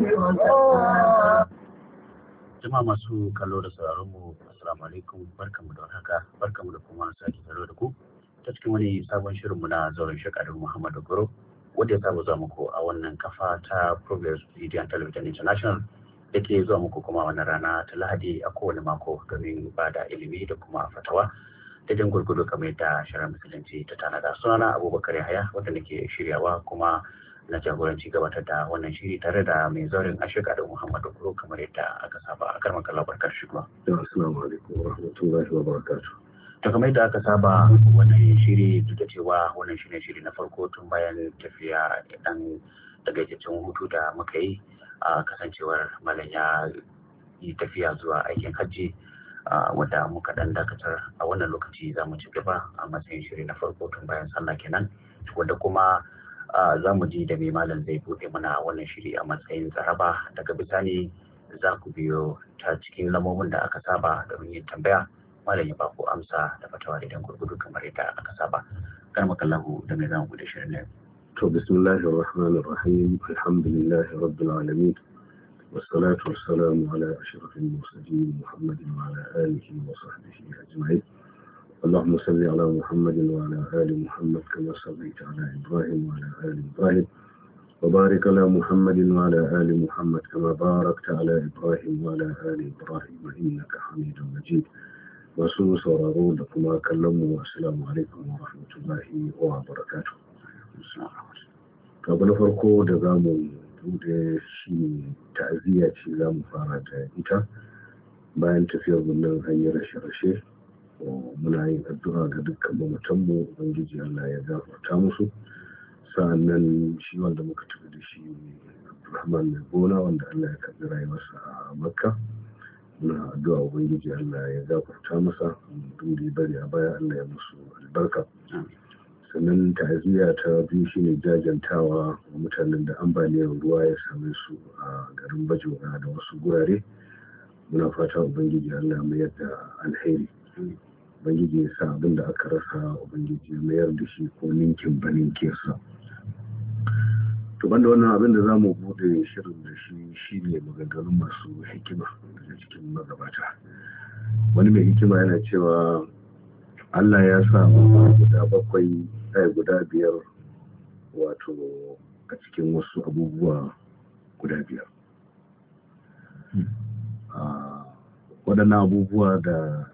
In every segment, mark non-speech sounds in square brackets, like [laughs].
Jama'a masu kallo da sauraron mu assalamu alaikum barkamu da haka barkamu da kuma sake tare da ku ta cikin wani sabon shirin mu na zauren da muhammadu goro wanda ya saba zuwa muku a wannan kafa ta progress media television international Yake zuwa muku kuma wani rana ta lahadi a kowane mako domin ba da ilimi da kuma fatawa da jan gurgudu kamar yadda shirin musulunci ta tanada sunana abubakar yahaya wanda nake shiryawa kuma na jagoranci gabatar da wannan shiri tare da mai zaurin ashirka da muhammadu kuro kamar yadda aka saba a karmar kallon karshe shi kuma. ta yadda aka saba wannan shiri duk da cewa wannan ne shiri na farko tun bayan tafiya dan jajjen hutu da muka yi a kasancewar malam ya yi tafiya zuwa aikin hajji wadda muka dan dakatar a wannan lokaci za mu ci gaba a matsayin shiri na farko tun bayan sallah kenan wadda kuma za mu ji da mai malam zai bude mana wannan shiri a matsayin tsaraba daga bisani za ku biyo ta cikin lamomin da aka saba domin yin tambaya malam ya baku amsa da fatawa da dan gurgudu kamar yadda aka saba kar makallahu da mai zan bude shirin nan to bismillahir rahmanir rahim alhamdulillahi rabbil alamin والصلاة والسلام على أشرف المرسلين محمد وعلى آله وصحبه أجمعين اللهم صل على محمد وعلى آل محمد كما صليت على إبراهيم وعلى آل إبراهيم وبارك على محمد وعلى آل محمد كما باركت على إبراهيم وعلى آل إبراهيم إنك حميد مجيد masu sauraro da kuma kallon mu assalamu alaikum wa rahmatullahi na farko da za mu bude shi ta'aziyya ce za mu fara da ita bayan tafiyar wannan hanyar rashe-rashe muna yin addu'a ga dukkan mamatanmu ubangiji Allah ya gafarta musu sa'annan shi wanda muka tafi da shi Abdulrahman mai gona wanda Allah ya karbi rayuwarsa a Makka muna addu'a ubangiji Allah ya gafarta masa duk da bari a baya Allah ya musu albarka sannan ta'aziyya ta biyu shine jajantawa mutanen da ambaliyar ruwa ya same su a garin bajoga da wasu gurare muna fata ubangiji Allah mai yadda alheri ubangiji ya sa abin da aka rasa ubangiji ya mayar da shi ko ninkin ba kesa to banda wannan abin da za mu bude shirin da shi shi ne maganganun masu hikima daga cikin magabata wani mai hikima yana cewa allah ya sa guda bakwai ɗaya eh, guda biyar wato a cikin wasu abubuwa guda biyar hmm. ah, waɗannan abubuwa da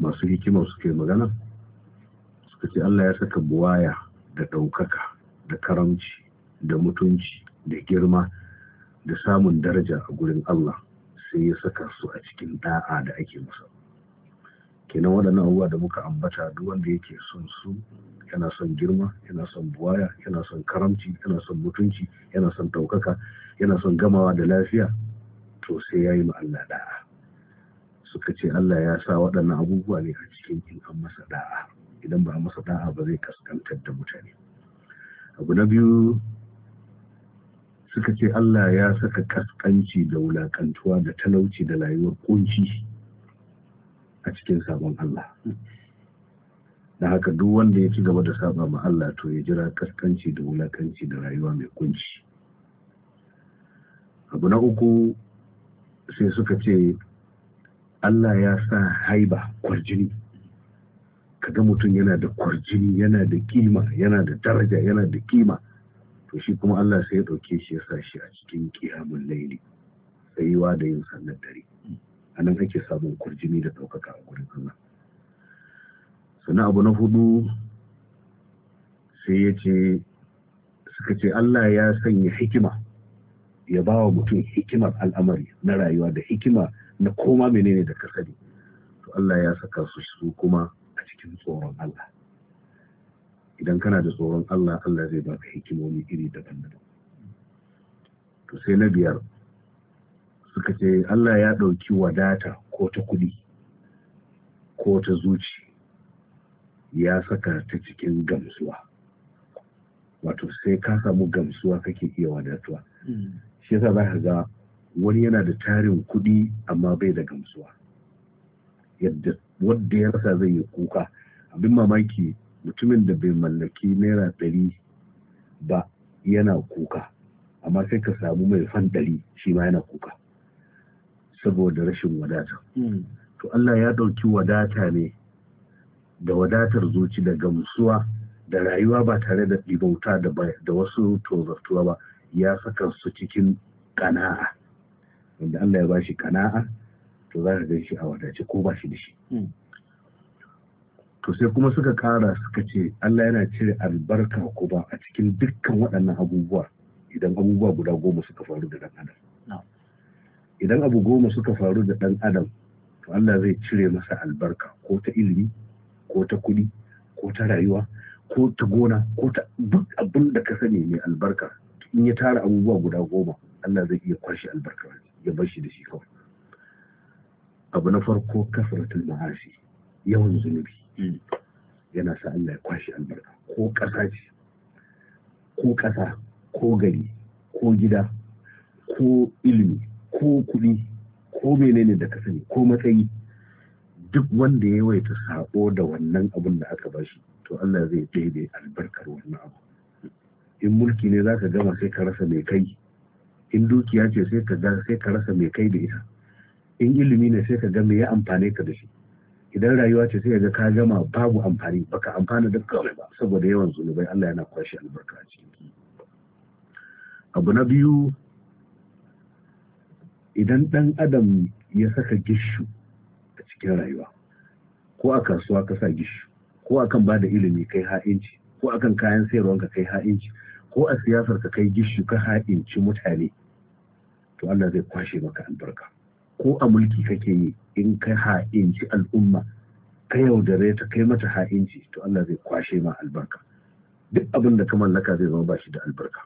masu hikima suke magana suka ce Allah ya saka buwaya da ɗaukaka da karamci da mutunci da girma da samun daraja a gurin Allah sai ya saka su a cikin da'a da ake musa kenan waɗannan abubuwa da muka ambata duk wanda yake son su yana son girma yana son buwaya yana son karamci yana son mutunci yana son ɗaukaka yana son gamawa da lafiya to sai ya yi ma Allah da'a suka ce Allah ya sa waɗannan abubuwa ne a cikin in an masa da'a idan ba a masa da'a ba zai kaskantar da mutane abu na biyu suka ce Allah ya saka kaskanci da wulaƙantuwa da talauci da layuwar kunci a cikin sabon Allah da haka duk wanda ya ci gaba da saba ma Allah to ya jira kaskanci da wulaƙanci da rayuwa mai kunci abu na uku sai suka ce Allah ya sa haiba kwarjini kaga mutum yana da kwarjini yana da kima yana da daraja yana da kima to shi kuma Allah sai ya ɗauke shi ya sa shi a cikin kiyamun laili tsayuwa da yin sannan dare a nan ake samun kurjini da ɗaukaka a gurin Allah sannan abu na hudu sai ya ce suka ce Allah ya sanya hikima ya ba wa mutum hikimar al'amari na rayuwa da hikima na koma menene da ka sani to Allah ya saka su su kuma a cikin tsoron Allah idan kana da tsoron Allah Allah zai baka hikimomi iri daban-daban to sai na biyar suka ce Allah ya ɗauki wadata ko ta kuɗi ko ta zuci ya saka ta cikin gamsuwa wato sai ka samu gamsuwa kake iya wadatuwa hmm. shi yasa za ka ga wani yana da tarin kuɗi amma bai da gamsuwa yadda wadda ya rasa zai yi kuka abin mamaki mutumin da bai mallaki naira ɗari ba yana kuka amma sai ka samu mai fan ɗari shi ma yana kuka saboda rashin wadata hmm. to Allah ya ɗauki wadata ne da wadatar zuci da gamsuwa da rayuwa ba tare da ɗibauta da wasu tozartuwa ba ya saka su cikin ƙana'a wanda Allah ya bashi kana'a to za ka gan shi a wadace ko ba shi da shi hmm. to sai kuma suka kara suka ce Allah yana cire albarka ko ba a cikin dukkan waɗannan abubuwa idan abubuwa guda goma suka faru da ɗan adam idan abu goma suka faru da ɗan adam to Allah zai cire masa albarka ko ta ilimi ko ta kuɗi ko ta rayuwa ko ta gona ko ta duk abin da ka sani mai albarka in ya tara abubuwa guda goma Allah zai iya kwashe albarkar ya bar shi da shi kawai abu na farko kasratul ma'asi yawan zunubi yana sa Allah ya kwashi albarka ko ƙasa ce ko ƙasa ko gari ko gida ko ilimi ko kuɗi ko menene da ka sani ko matsayi duk wanda ya yawaita sako da wannan abun da aka ba shi, to Allah zai daidai albarkar wannan abu in mulki ne zaka gama sai ka rasa mai kai in dukiya ce sai ka ga sai ka rasa mai kai da ita in ilimi ne sai ka ga mai ya amfane ka da shi idan rayuwa ce sai ka ga ka gama babu amfani baka amfana da kawai ba saboda yawan zunubai Allah yana kwashe albarka a abu na biyu idan dan adam ya saka gishu a cikin rayuwa ko a kasuwa ka sa gishu ko akan ba da ilimi kai ha'inci ko akan kayan ka kai ha'inci ko a siyasar ka kai gishu ka ha'inci mutane to Allah zai kwashe maka albarka ko a mulki kake yi in ka ha'inci al'umma ka yaudare ta kai mata ha'inci to Allah zai kwashe ma albarka duk abin da ka mallaka zai zama bashi da albarka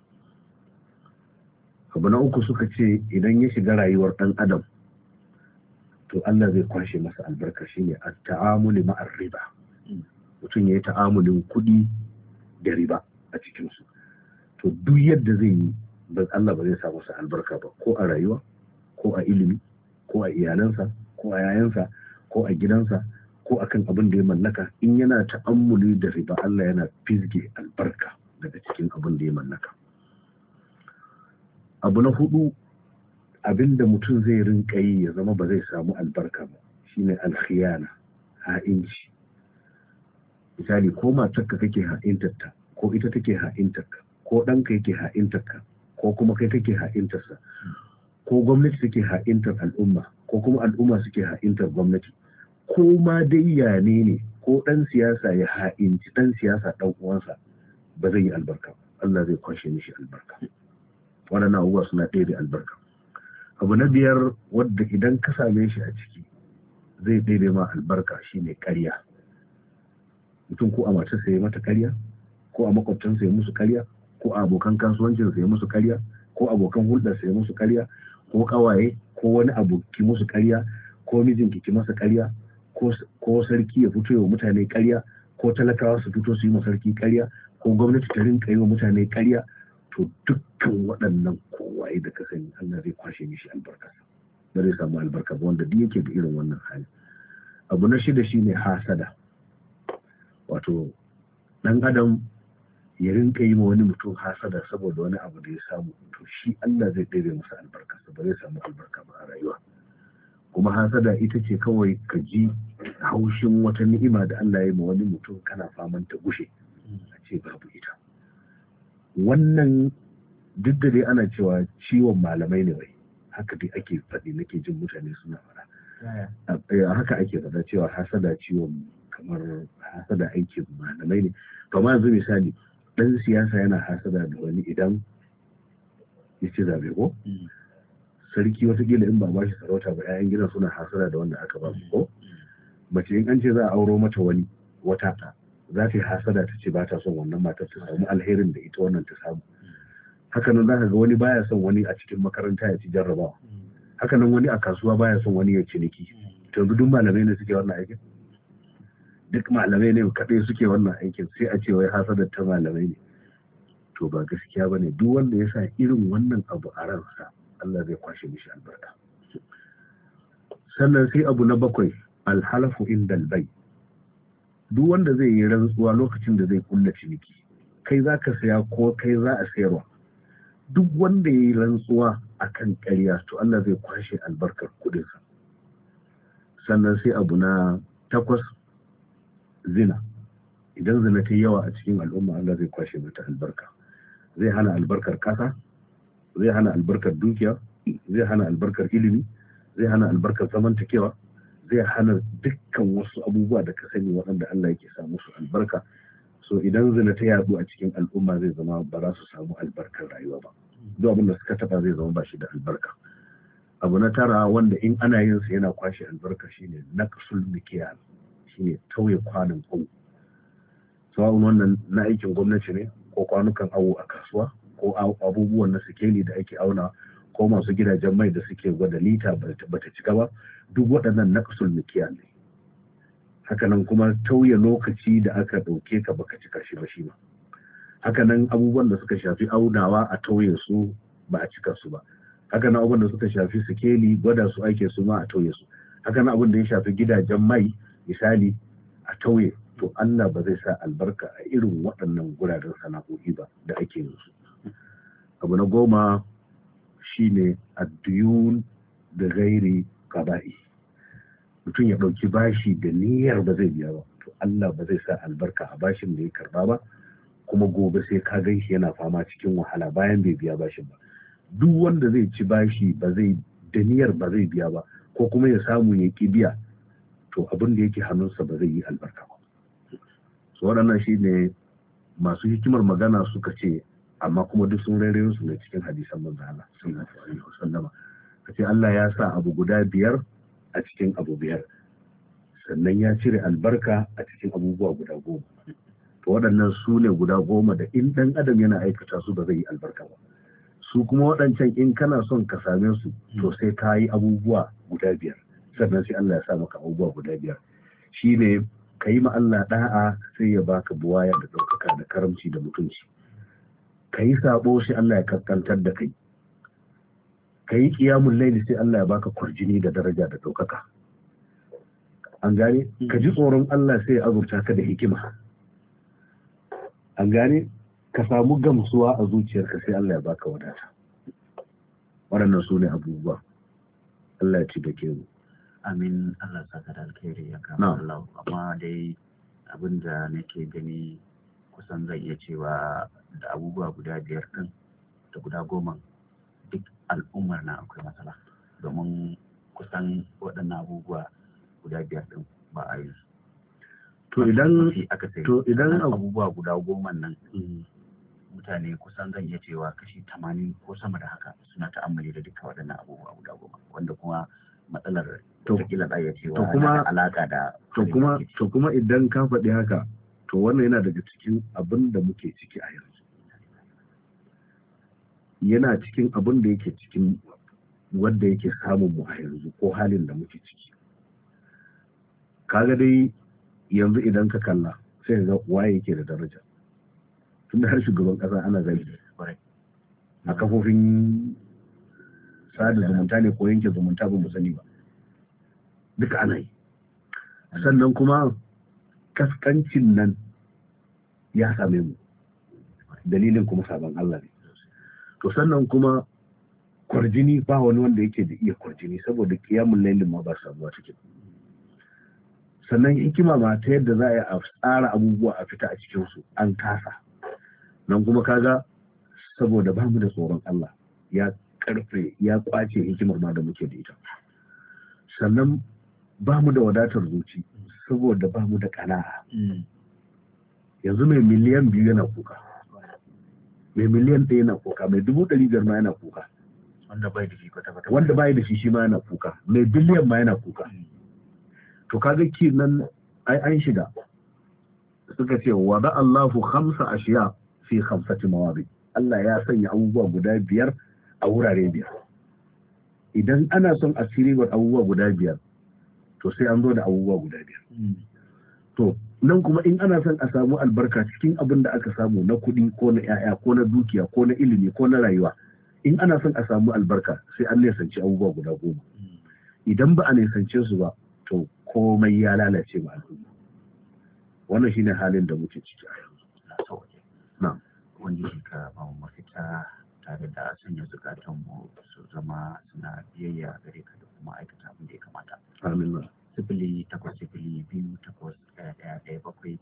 abu na uku suka ce idan ya shiga rayuwar ɗan adam to Allah zai kwashe masa albarka shine a taamuli ma'ar riba mutum ya yi ta'amulin kuɗi da riba a cikinsu to duk yadda zai yi ba Allah ba zai sa masa albarka ba ko a rayuwa ko a ilimi ko a iyalansa ko a yayansa ko a gidansa ko a kan abin da ya mallaka in yana ta'ammuli da riba Allah yana fizge albarka daga cikin abin da ya mallaka abu na hudu abin da mutum zai rinka yi ya zama ba zai samu albarka ba shine alkhiyana ha'inci misali ko matarka kake ha'intarta ko ita take ha'intarka ko ɗanka yake ha'intarka ko kuma kai kake ha'intarsa ko gwamnati take ha'intar al'umma ko kuma al'umma suke ha'intar gwamnati ko ma dai yane ne ne ko ɗan siyasa ya ha'inci ɗan siyasa ɗan uwansa ba zai yi albarka Allah zai kwashe mishi albarka waɗannan abubuwa suna ɗaya da albarka abu na biyar wadda idan ka same shi a ciki zai ɗaya ma albarka shine ƙarya mutum ko a matarsa ya mata ƙarya ko a makwabtansa ya musu ƙarya ko abokan kasuwancin sai musu karya ko abokan hulɗar sai musu karya ko kawaye ko wani abu ki musu karya ko mijin ki ki masa karya ko sarki ya fito wa mutane karya ko talakawa su fito su yi sarki karya ko gwamnati ta rinka yi wa mutane karya to dukkan waɗannan kowaye da ka sani Allah zai kwashe mishi albarka ba zai samu albarka ba wanda duk yake da irin wannan hali abu na shida shine hasada wato dan adam ya rinka yi ma wani mutum hasada saboda wani abu da ya samu to shi Allah zai ɗebe masa albarka ba zai samu albarka ba a rayuwa kuma hasada ita ce kawai ka ji haushin wata ni'ima da Allah ya ma wani mutum kana faman ta gushe a ce babu ita wannan duk da dai ana cewa ciwon malamai ne wai haka dai ake faɗi nake jin mutane suna fara eh, haka ake faɗa cewa hasada ciwon kamar hasada aikin malamai ne kamar yanzu misali dan siyasa yana hasada da wani idan ya ci zabe ko mm. sarki watakila in ba ba shi sarauta ba 'ya'yan gina suna hasada da wanda aka ba su ko mm, mm. mace in an ce za a auro mata wani wata za ta yi hasada ta ce ba ta son wannan matar ta samu alherin da ita wannan ta samu nan za ka ga wani baya son wani a cikin makaranta ya ci jarrabawa Haka nan wani a kasuwa baya son wani ya ciniki to yanzu duk malamai ne suke wannan aikin duk malamai ne kaɗai suke wannan aikin sai a ce wai hasada ta malamai ne to ba gaskiya ba ne duk wanda ya sa irin wannan abu a ransa Allah zai kwashe mishi albarka sannan sai abu na bakwai alhalafu inda albai duk wanda zai yi rantsuwa lokacin da zai kulla ciniki kai za ka saya ko kai za a sayarwa duk wanda ya yi rantsuwa a kan karya, to Allah zai kwashe albarkar kuɗinsa sannan sai abu na takwas zina idan zina ta yawa a cikin al'umma Allah zai kwashe mata albarka zai hana albarkar kasa zai hana albarkar dukiya zai hana albarkar ilimi zai hana albarkar zamantakewa zai hana dukkan wasu abubuwa da ka sani waɗanda Allah yake samu su albarka so idan zina ta yadu a cikin al'umma zai zama ba za su samu albarkar rayuwa ba duk abin da suka taba zai zama ba shi da albarka abu na tara wanda in ana yin sa yana kwashe albarka shine naqsul mikyal shine tauye kwanon awo sawa'un wannan na aikin gwamnati ne ko kwanukan awo a kasuwa ko abubuwan na sikeli da ake auna ko masu gidajen mai da suke gwada lita bata cika ba duk waɗannan kasul mikiya ne hakanan kuma tauye lokaci da aka ɗauke ka baka cika shi ba shi ba hakanan abubuwan da suka shafi aunawa a tauye su ba a cika su ba hakanan abubuwan da suka shafi sikeli gwada su ake su ma a tauye su hakanan abin da ya shafi gidajen mai misali a tauye to Allah ba zai sa albarka a irin waɗannan guraren sana'o'i ba da ake yin su abu na goma shine addiyun da gairi kaba'i mutum ya ɗauki bashi da niyyar ba zai biya ba to Allah ba zai sa albarka a bashin da ya karba ba kuma gobe sai ka gan shi yana fama cikin wahala bayan bai biya bashin ba duk wanda zai ci bashi ba zai da niyyar ba zai biya ba ko kuma ya samu ya ƙi biya to abin da yake hannunsa ba zai yi albarka ba su waɗannan shi ne masu hikimar magana suka ce amma kuma duk sun rairayin su ne cikin hadisan manzo Allah sallallahu alaihi wasallama kace Allah ya sa abu guda biyar a cikin abu biyar sannan ya cire albarka a cikin abubuwa guda goma to waɗannan su ne guda goma da in ɗan adam yana aikata su ba zai yi albarka ba su kuma waɗancan in kana son ka same su to sai ka yi abubuwa guda biyar sannan sai Allah ya sa maka abubuwa guda biyar shi ne ka yi ma Allah sai ya baka buwaya da ɗaukaka da karamci da mutunci ka yi sabo sai Allah ya kaskantar da kai ka yi ƙiyamun laili sai Allah ya baka kurjini da daraja da ɗaukaka an gane ka ji tsoron Allah sai ya azurta ka da hikima an gane ka samu gamsuwa a zuciyarka sai Allah ya baka wadata waɗannan su ne abubuwa Allah ya ci da ke mu amin Allah saka da alkhairi ya kama Allah amma dai abin da nake gani kusan zan iya cewa da abubuwa guda biyar din da guda goma duk al'ummar na akwai matsala domin kusan waɗannan abubuwa guda biyar din ba a yi to idan to idan abubuwa guda goma nan mm. mutane kusan zan iya cewa kashi tamanin ko sama da haka suna ta'ammali da duka waɗannan abubuwa guda goma wanda kuma matsalar kila za iya cewa alaka da to kuma idan ka faɗi haka to wannan yana daga cikin abin da muke ciki a yanzu yana cikin abin da yake cikin wanda yake samun mu a yanzu ko halin da muke ciki kaga dai yanzu idan ka kalla sai ga waye yake da daraja tun da har shugaban kasa ana gani a kafofin sada zumunta ne ko yanke zumunta ba mu sani ba duka ana yi sannan kuma kaskancin nan ya same mu dalilin kuma sabon Allah ne to sannan kuma kwarjini ba wani wanda yake da iya kwarjini saboda kiyamun lailin ma ba sabuwa cikin sannan hikima ma ta yadda za a yi a tsara abubuwa a fita a cikinsu an kasa nan kuma kaga saboda ba mu da tsoron Allah ya karfe ya kwace hikimar ma da muke da ita sannan ba mu da wadatar zuci saboda ba mu da kana'a mm. yanzu mai miliyan biyu yana kuka mai miliyan ɗaya yana kuka mai dubu ɗari biyar ma yana kuka wanda bai da shi wanda da shi shi ma yana kuka mai biliyan ma yana kuka mm. to kaga ki nan ai an shiga suka ce wa da Allahu khamsa ashiya fi khamsati bi? Allah ya sanya abubuwa guda biyar a wurare biyar idan ana son a siriwar abubuwa guda biyar to sai an zo da abubuwa guda biyar hmm. to nan kuma in ana son a samu albarka cikin abin da aka samu na kuɗi ko na 'ya'ya ko na dukiya ko na ilimi ko na rayuwa in ana son a samu albarka sai an nisanci abubuwa guda goma hmm. idan ba a nisance su ba to komai ya lalace ma al'umma wannan shine halin da muke ciki a yanzu na wanda shi ba mu mafita tare da sanya mu su zama suna biyayya gare ka da kuma aikata abin da ya kamata. Amin. Sifili takwas sifili biyu takwas ɗaya ɗaya ɗaya bakwai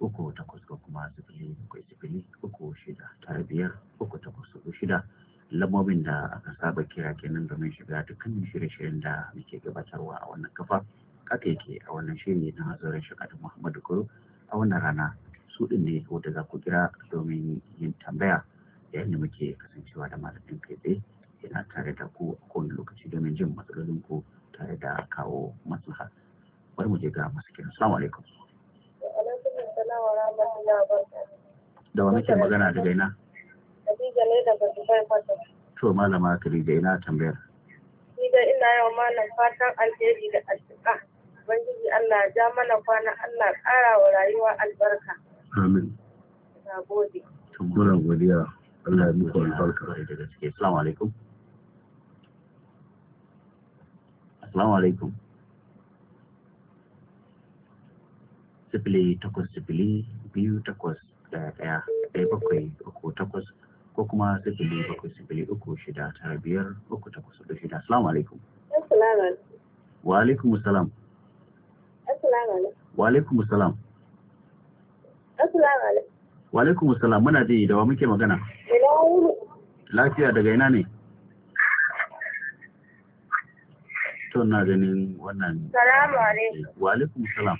uku takwas ko kuma sifili bakwai sifili uku shida tare biyar uku takwas uku shida lambobin da aka saba kira kenan domin shiga dukkanin shirye-shiryen da muke gabatarwa a wannan kafa haka yake a wannan shiri na hazarin da muhammadu kuro a wannan rana su ɗin ne wadda za ku kira domin yin tambaya yayin da muke kasancewa da malamin kai tsaye yana tare da ku a kowane lokaci domin jin matsalolin ku tare da kawo maslaha bari mu je ga masu kira salamu alaikum da wani ke magana daga ina Khadija ne daga Dubai Kwata to malama ina tambayar ni da ina yawan malam fatan alheri da addu'a ubangiji Allah ja mana kwana Allah ƙara wa rayuwa albarka amin na gode Tumbura godiya Allah ya muku albarka da gaske assalamu alaikum assalamu alaikum sifili takwas sifili biyu takwas ɗaya ɗaya ɗaya bakwai uku takwas ko kuma sifili bakwai sifili uku shida tara biyar uku takwas uku shida assalamu alaikum wa alaikum salam wa alaikum salam assalamu alaikum wa alaikum assalam muna ji da wa muke magana lafiya daga ina ne to na ganin wannan salamu alaikum wa alaikum salam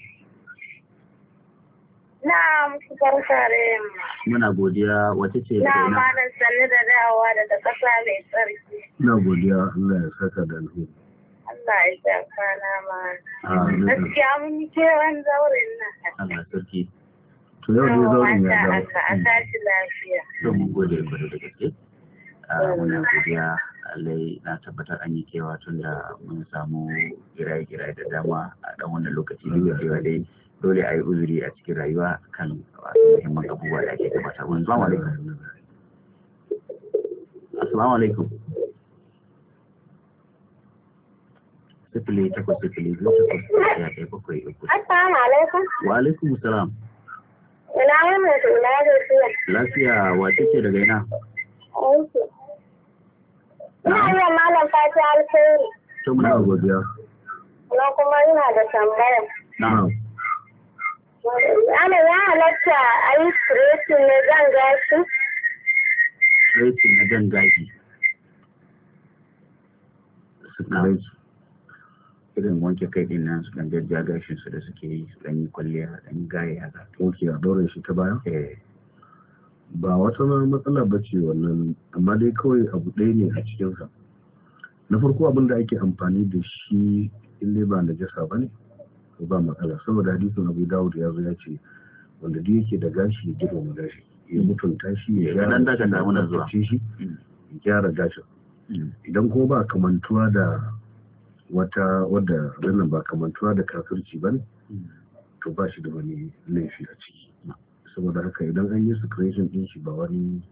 na musu karkare da Muna godiya wace ce da ina. Na malam sanni da dawowa daga kasa mai tsarki. na godiya Allah ya saka da alheri. Allah ya saka na ma. Gaskiya mun yi kewan zaurin nan. Allah sarki. to yau dai zaurin ya zama to mun gode kwarai da gaske ah, muna godiya alai na tabbatar an yi kewa tun da mun samu giraye-giraye da dama a dan wannan lokaci duk da dai dole a yi uzuri a cikin rayuwa kan muhimman abubuwa da ake gabata wani zuwa alaikum assalamu alaikum sifili takwas sifili biyu takwas ɗaya ɗaya bakwai uku assalamu alaikum wa alaikum salam Ina wannan da ina gaskiya. Lafiya wa kike daga ina? Aiki. Ina iya malam fati alkhairi. To muna godiya. Na kuma ina da tambaya. Na'am. Ana ya halatta a yi stressing na zan gashi? na gashi. irin wanke kai din nan su dan jajja gashin su da suke yi su dan yi kwalliya dan gaye ga ok a dore shi ta baya eh ba wata matsala ba ce wannan amma dai kawai abu ɗaya ne a cikin cikinsa na farko abin da ake amfani da shi in dai ba na jasa ba ne ba matsala saboda hadisin abu dawud ya zo ya ce wanda duk yake da gashi ya girma gashi ya mm. mutunta shi ya gyara shi mm. ya gyara gashin mm. idan kuma ba kamantuwa da wata wadda nan ba kamantuwa da kafirci ba ne to ba shi da wani laifi a ciki saboda haka idan an yi secretion din shi ba wani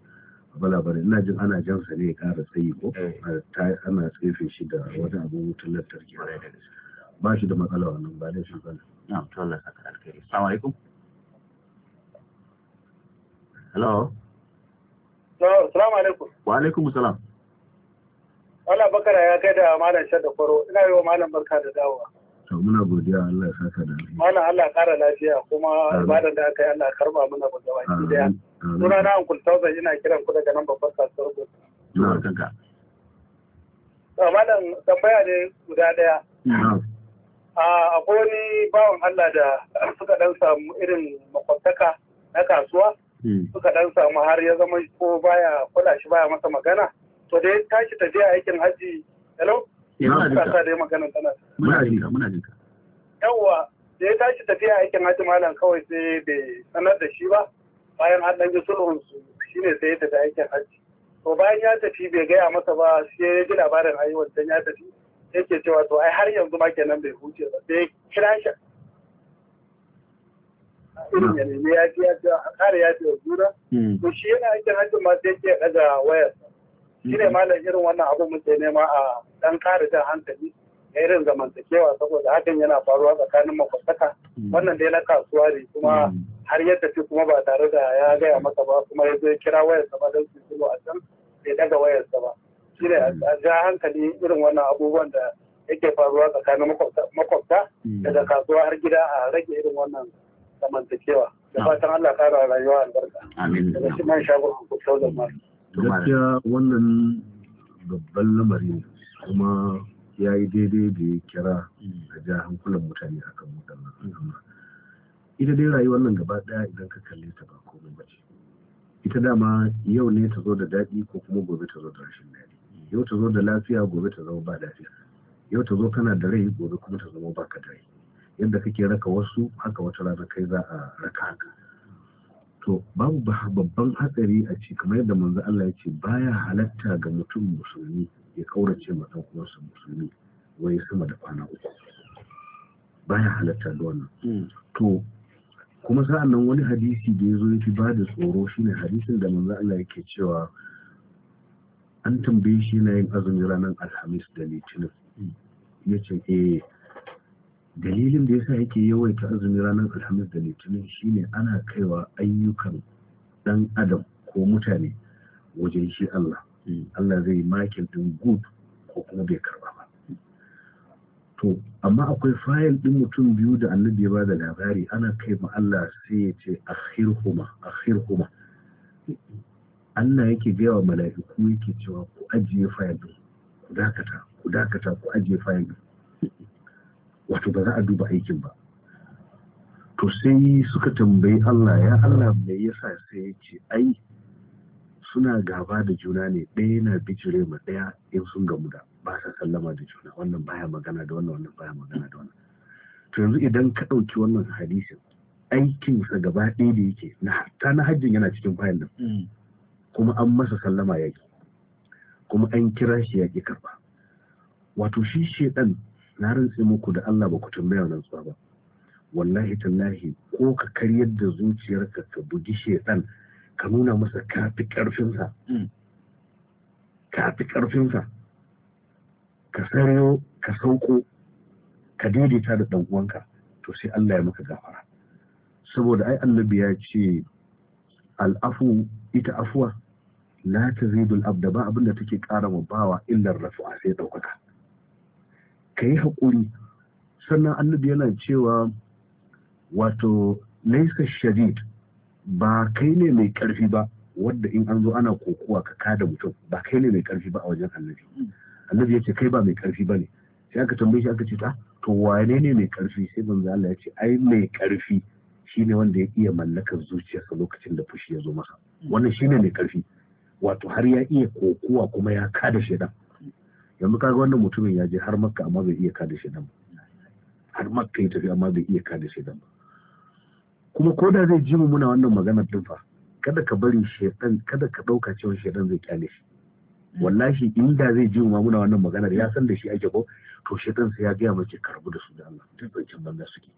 bala bane ina jin ana jansa ne ya kara tsayi ko eh. ana tsefe shi da wani abu wutan lantarki ba shi da matsala wannan ba laifi ba ne na'am to alaikum hello alaikum wa alaikum Wala bakara ya kai da malam shadda kwaro ina yi wa malam barka da dawowa. To muna godiya Allah ya saka da alheri. Malam Allah kara lafiya kuma ibadan da aka yi Allah karba muna ba gaba ki da Suna na Uncle Tausa ina kiran ku daga nan babbar kasuwar Bauchi. Ina kanka. To malam tambaya ne guda daya. Akwai wani bawan Allah da suka dan samu irin makwabtaka na kasuwa. Hmm. Suka dan samu har ya zama ko baya kula shi baya masa magana. to dai tashi tafiya aikin haji hello kasa da magana tana muna jinka muna jinka yawwa da ya tashi tafiya aikin hajji malam kawai sai bai sanar da shi ba bayan har dan sulhunsu sulhun su shine sai ya tafi aikin hajji to bayan ya tafi bai gaya masa ba sai ya ji labarin ayi wancan ya tafi yake cewa to ai har yanzu ma kenan bai huce ba sai kira shi irin ya ce ya ji ya ce a kare ya ce juna hmm. to shi yana aikin hajji ma sai ke ɗaga wayarsa shi ne malam irin wannan abu muke nema a dan kare jan hankali na irin zamantakewa saboda hakan yana faruwa tsakanin makwabtaka mm. wannan dai na kasuwa ne kuma mm. har yadda ce kuma ba tare da ya gaya masa ba kuma ya zo kira wayarsa ba don su zuwa a can bai daga wayarsa ba shi ne mm. a ja hankali irin wannan abubuwan da yake faruwa tsakanin makwabta daga kasuwa har gida a rage irin wannan zamantakewa da ah. fatan Allah kara rayuwa albarka amin daga shi man shagon kusa da masu gaskiya wannan babban lamari kuma ya yi daidai da ya kira a ja hankulan mutane akan waɗannan ita dai rayuwar nan gaba ɗaya idan ka kalle ta ba komai ba ce ita dama yau ne ta zo da daɗi ko kuma gobe ta zo da rashin daɗi yau ta zo da lafiya gobe ta zama ba lafiya yau ta zo kana da rai gobe kuma ta zama ka da rai yadda kake raka wasu haka wata rana kai za a raka haka to babu babban hatsari a ce kamar yadda manzo Allah ya ce baya halatta ga mutum musulmi ya kaurace ma dan uwansa musulmi wai sama da kwana uku baya halatta da wannan hmm. to kuma sa'an nan wani hadisi da ya zo yake ba da tsoro shine hadisin da manzo Allah yake cewa an tambaye shi yana yin azumi ranar alhamis da litinin hmm. yace ce eh dalilin da yasa yake yawaita azumi ranar alhamis da litinin shine ana kaiwa ayyukan dan adam ko mutane wajen shi Allah hmm. Allah zai makin din good ko kuma bai karba ba to amma akwai fayil din mutum biyu da annabi ya da labari ana kai ma Allah sai ya ce akhirhuma akhirhuma Allah yake gaya wa mala'iku yake cewa ku ajiye fayil ku dakata ku dakata ku ajiye fayil wato ba za a duba aikin ba to sai suka tambayi Allah ya Allah mai yasa sai ya ce ai suna gaba da juna ne ɗaya na bijire ma ɗaya in sun gamu da ba sa sallama da juna wannan baya magana da wannan wannan baya magana da wannan to yanzu idan ka ɗauki wannan hadisin aikinsa gaba ɗaya da yake ta na hajjin yana cikin bayan nan mm. kuma an masa sallama yaƙi kuma an kira shi yaƙi karba. wato shi shedan na rantse muku da Allah ba ku tambaya rantsuwa ba wallahi tallahi ko ka karyar da zuciyarka ka bugi shedan ka nuna masa kafi karfinsa kafi karfinsa ka sanyo mm. ka sauko ka daidaita da dan uwanka to sai Allah ya maka gafara saboda ai annabi ya ce al'afu ita afuwa la tazidul abda ba abinda take kara wa bawa illar rafu'a sai ɗaukaka ka yi haƙuri sannan annabi yana cewa wato laisa shadid ba kai ne mai ƙarfi ba wadda in an zo ana kokowa ka kada mutum ba kai ne mai ƙarfi ba a wajen annabi annabi ya ce kai ba mai ƙarfi ba ne sai aka tambaye shi aka ce ta to wane ne mai ƙarfi sai manzo Allah ya ce ai mai ƙarfi shine wanda ya iya mallakar zuciyarsa lokacin da fushi ya zo masa wannan shine mai ƙarfi wato har ya iya kokowa kuma ya kada shaidan yanzu ga wannan mutumin ya je har makka amma bai iya kada shaidan ba har makka ya tafi amma bai iya kada shaidan ba kuma ko da zai ji mu muna wannan maganar din fa kada ka bari shaidan kada ka dauka cewa shaidan zai kyale shi mm. wallahi inda zai ji mu muna wannan maganar ya san da shi ake ko to shaidan sai ya gaya mace karbu da su da Allah duk zancen banga suke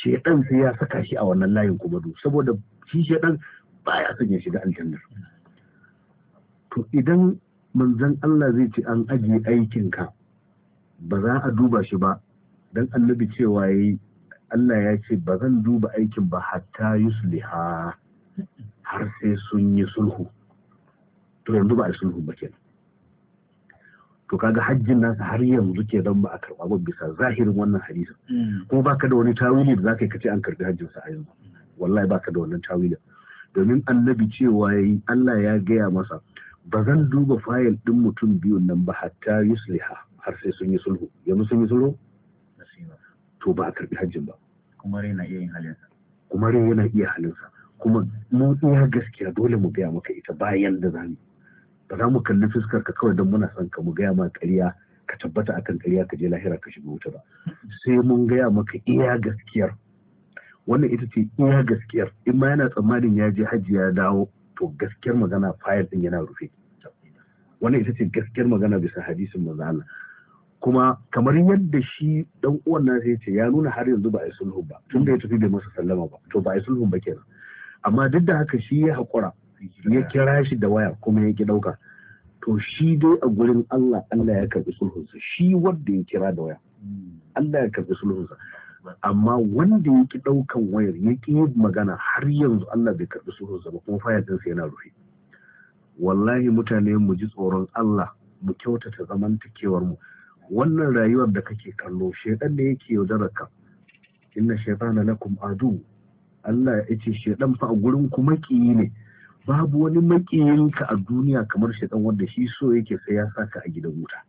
shaidan sai ya saka shi a wannan layin kuma du saboda shi shaidan baya son ya shiga aljanna mm. to idan manzan Allah zai ce an ajiye aikinka ba za a duba shi ba don annabi cewa yi Allah ya ce ba zan duba aikin ba hatta yusliha har sai sun yi sulhu to yanzu ba a sulhu ba kenan to kaga hajjin nasa har yanzu ke don ba a karɓa ba bisa zahirin wannan hadisin mm. ba baka da wani tawili da zaka yi kace an karɓi hajjin sa a yanzu wallahi baka da wannan tawili domin annabi cewa yayi Allah ya gaya masa ba zan duba fayil ɗin mutum biyun nan ba hatta yusliha har sai sun yi sulhu yanzu sun yi sulhu to ba a karbi hajjin ba kuma rai na iya yin halinsa kuma rai yana iya halinsa kuma mu iya gaskiya dole mu gaya maka ita bayan da zamu ba za mu kalli fuskar ka kawai don muna son ka mu gaya maka ƙarya ka tabbata akan ƙarya ka je lahira ka shiga wuta ba sai mun gaya maka iya gaskiyar wannan ita ce iya gaskiyar in ma yana tsammanin ya je hajji ya dawo to gaskiyar magana fayil ɗin yana rufe wannan ita ce gaskiyar magana bisa hadisin manzo Allah kuma kamar yadda shi dan uwan nan sai ce ya nuna har yanzu ba a yi sulhu ba tun da ya tafi bai masa sallama ba to ba a yi sulhu ba kenan amma duk da haka shi ya hakura ya kira shi da waya kuma ya ki ɗauka to shi dai a gurin Allah Allah ya karɓi sulhunsa shi wanda ya kira da waya Allah ya karɓi sulhunsa amma wanda ya ki ɗaukan wayar ya ki magana har yanzu Allah bai karɓi sulhunsa ba kuma fayar sa yana rufe. wallahi mutane mu ji tsoron Allah mu kyautata zamantakewar mu wannan rayuwar da kake kallo shedan da yake ka inna shaytana lakum adu Allah ya ce shedan fa a gurin ku makiyi ne babu wani ka a duniya kamar shedan wanda shi so yake sai ya saka a gidan wuta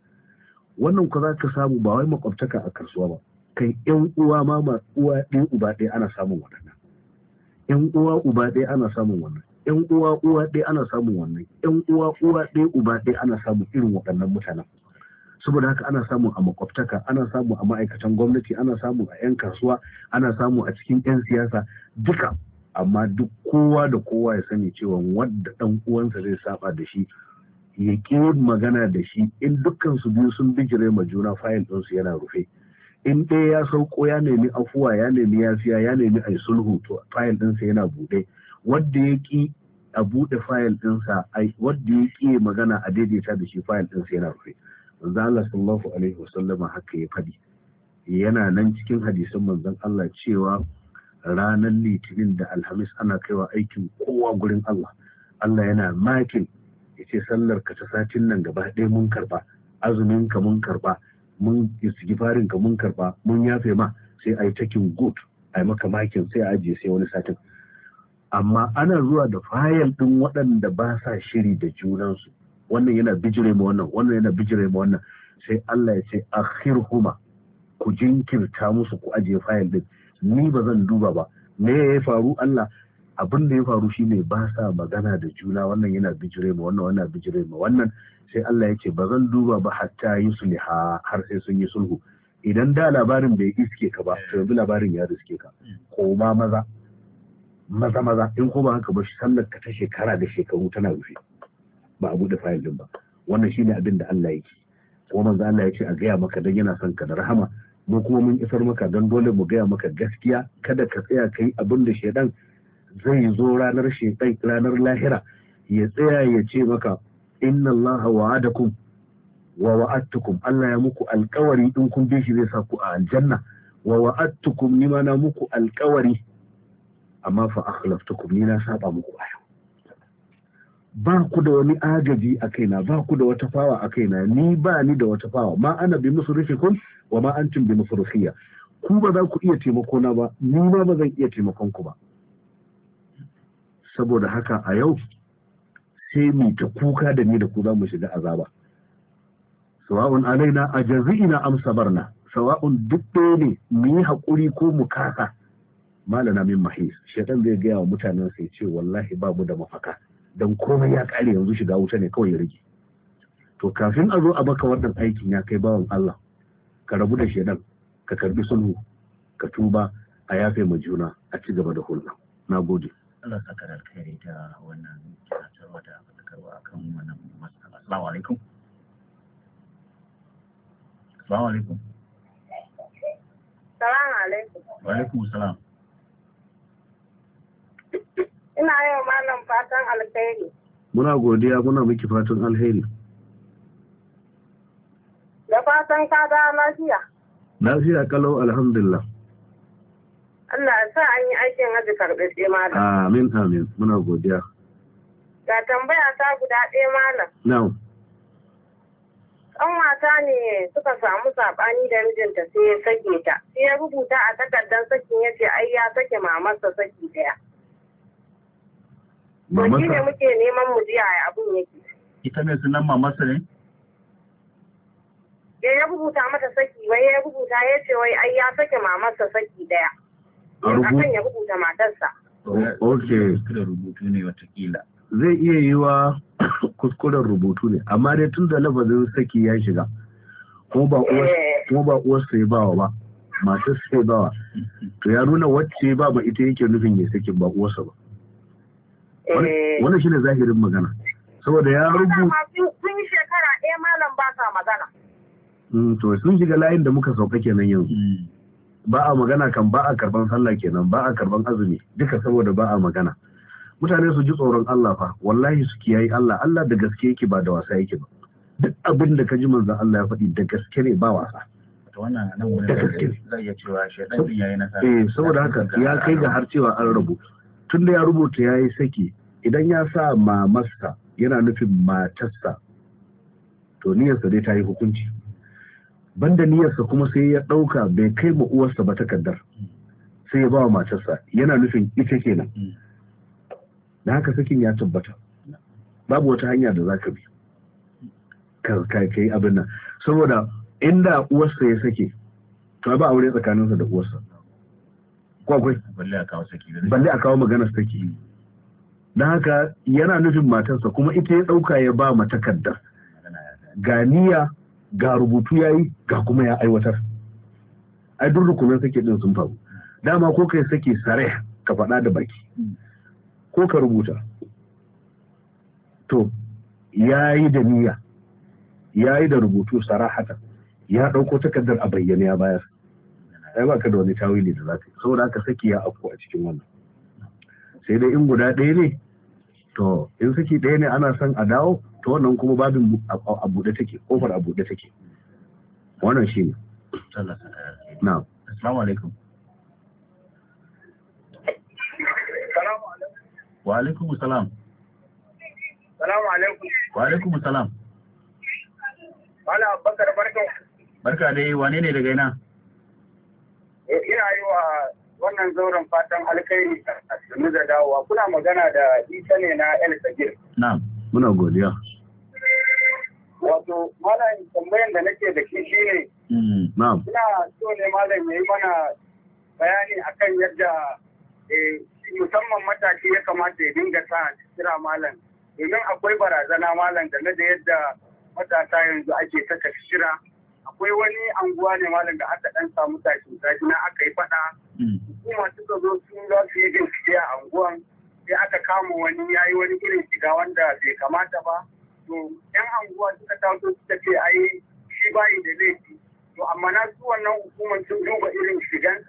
wannan ku za samu ba wai makwabtaka a kasuwa ba kai yan uwa ma ma uwa ɗin uba ɗaya ana samun wannan yan uwa uba ɗaya ana samun wannan yan uwa uwa ɗaya ana samun wannan yan uwa uwa ɗaya uba ɗaya ana samun irin waɗannan mutanen saboda haka ana samu a makwabtaka ana samu a ma'aikatan gwamnati ana samu a 'yan kasuwa ana samu a cikin 'yan siyasa duka amma duk kowa da kowa ya sani cewa wadda ɗan uwansa zai saba da shi ya ƙi magana da shi in dukkan su biyu sun bijire ma juna fayil su yana rufe in ɗaya ya sauko ya nemi afuwa ya nemi yafiya ya nemi ai sulhu to fayil ɗinsa yana buɗe wadda ya ƙi a buɗe fayil ɗinsa wadda ya ƙi magana a daidaita da shi fayil ɗinsa yana rufe manzo Allah sallallahu alaihi wasallama haka ya faɗi yana nan cikin hadisan manzon Allah cewa ranar litinin da alhamis ana kaiwa aikin kowa gurin Allah Allah yana makin ya ce sallar ka ta satin nan gaba ɗaya mun karɓa, azumin ka mun karɓa, mun istighfarin ka mun karɓa, mun yafe ma sai ai takin good ai maka makin sai a ajiye sai wani satin amma ana zuwa da fayil ɗin waɗanda ba sa shiri da junansu wannan yana bijire ma wannan wannan yana bijire ma wannan sai Allah ya ce huma ku jinkirta musu ku ajiye fayil ɗin ni ba zan duba ba me ya faru Allah abin da ya faru shine ba sa magana da juna wannan yana bijire ma wannan wannan bijire ma wannan sai Allah ya ce ba zan duba ba hatta yi sulha har sai sun yi sulhu idan da labarin bai iske ka ba to yanzu labarin ya riske ka koma maza maza maza in ko ba haka ba sannan ka ta shekara da shekaru tana rufe ba a buɗe fayil din ba wannan shine abin da Allah yake kuma manzo Allah ya ce a gaya maka dan yana son ka da rahama mu kuma mun isar maka dan dole mu gaya maka gaskiya kada ka tsaya kai abin da shedan zai zo ranar shedan ranar lahira ya tsaya ya ce maka inna Allah wa'adakum wa wa'adtukum Allah ya muku alkawari in kun bi shi zai sa ku a aljanna wa wa'adtukum ni ma na muku alkawari amma fa akhlaftukum ni na saba muku a ba ku da wani agaji a kaina ba ku da wata fawa a kaina ni ba ni da wata fawa ma ana bi kun wa ma antum bi musurufiya ku ba za ku iya taimako na ba ni ma ba zan iya taimakon ku ba saboda haka a yau sai mu ta kuka da ni da ku za mu shiga azaba sawa'un alaina a am sabarna sawa'un duk ne mu yi haƙuri ko mu kasa malana min mahis shaitan zai gaya wa mutanen sai ce wallahi ba mu da mafaka dan komai ya kare yanzu shiga wuta ne kawai ya rage to kafin a zo a baka wannan aikin ya kai bawan Allah ka rabu da shaitan ka karbi sulhu ka tuba a yafe ma juna a ci gaba da hulɗa na gode Allah saka da alkhairi da wannan kiratarwa da fadakarwa akan wannan matsala assalamu alaikum assalamu alaikum assalamu alaikum wa alaikum ina yau malam fatan alheri muna godiya muna miki fatan alheri da fatan ka da lafiya lafiya kalau alhamdulillah Allah ya sa an yi aikin haji karɓaɓɓe malam amin amin muna godiya ga tambaya ta guda ɗaya malam na'am Ɗan wata ne suka samu saɓani da mijinta sai ya sake ta. Sai ya rubuta a takardar sakin ya ce ai ya sake mamarsa saki ɗaya. Mamansa? ne muke neman mu ji yaya abun yake. Ita mai sunan mamansa ne? Ya eh, ya rubuta mata saki wai ya rubuta ya ce wai ai ya sake mamansa saki daya. Akan ya rubuta matarsa. Ok. Kuskuren rubutu ne watakila. Zai iya yiwa kuskuren rubutu ne, amma dai tun da lafazin saki ya shiga. Kuma ba uwarsa eh. ya bawa ba, matarsa ya bawa. To ya nuna wacce ba ba ita yake nufin ya sakin ba uwarsa ba. Wani eh. shi ne zahirin magana saboda ya rubu sun yi shekara ɗaya malam ba sa magana mm, to sun shiga layin da muka sauka kenan yanzu mm. ba a magana kan ba a karban sallah kenan ba a karban azumi duka saboda ba a magana mutane su ji tsoron Allah fa wallahi su kiyaye Allah Allah da gaske yake ba da wasa yake ba duk abin da ka ji manzon Allah ya faɗi da gaske ne ba wasa da gaske Eh saboda haka ya kai ga har cewa an rabu tun da ya rubuta ya yi saki idan ya sa mamasta yana nufin matasta to niyarsa dai ta yi hukunci banda niyarsa kuma sai ya ɗauka bai kai ma uwarsa ba takardar sai ya ba wa matarsa yana nufin ita kenan da haka sakin ya tabbata babu wata hanya da za ka bi ka yi abin nan saboda inda uwarsa ya sake to ba aure tsakaninsa da uwarsa kwakwai balle a kawo maganar saki don haka yana nufin matarsa kuma ita ya ɗauka ya ba takardar. ga niyya ga rubutu ya yi ga kuma ya aiwatar ai duk rukunan sake din sun faru dama ko kai sake sare ka faɗa da baki ko ka rubuta to ya yi da niyya ya yi da rubutu sarahata ya ɗauko takardar a bayyana ya bayar ai ba ka da wani tawili da za ka yi saboda haka saki ya afku a cikin wannan sai dai in guda ɗaya ne to in saki ɗaya ne ana son a dawo to wannan kuma babin a buɗe take kofar a buɗe take wannan shi ne na assalamu alaikum wa alaikum salam salamu alaikum wa alaikum salam wala bakar barkan barka dai wane ne daga ina Eh, ina yi wa wannan zauren fatan alkairi a da dawowa kuna magana da isa ne na El Sagir. Na, muna godiya. Wato, malam tambayan da nake da shi shine, mm, Ina so ne malam ya yi mana bayani akan yadda eh, musamman matashi ya kamata ya dinga sa kira malam. Domin akwai barazana malam na da yadda matasa yanzu ake saka shira. akwai wani anguwa ne malam da aka dan samu tashin tashi na aka yi fada mm. hukuma suka zo sun za su yi bincike a anguwan sai aka kama wani ya yi wani irin shiga wanda bai kamata ba to yan anguwa suka taso suka ce ai shi bayi da laifi to amma na su wannan hukumar sun duba irin shigansa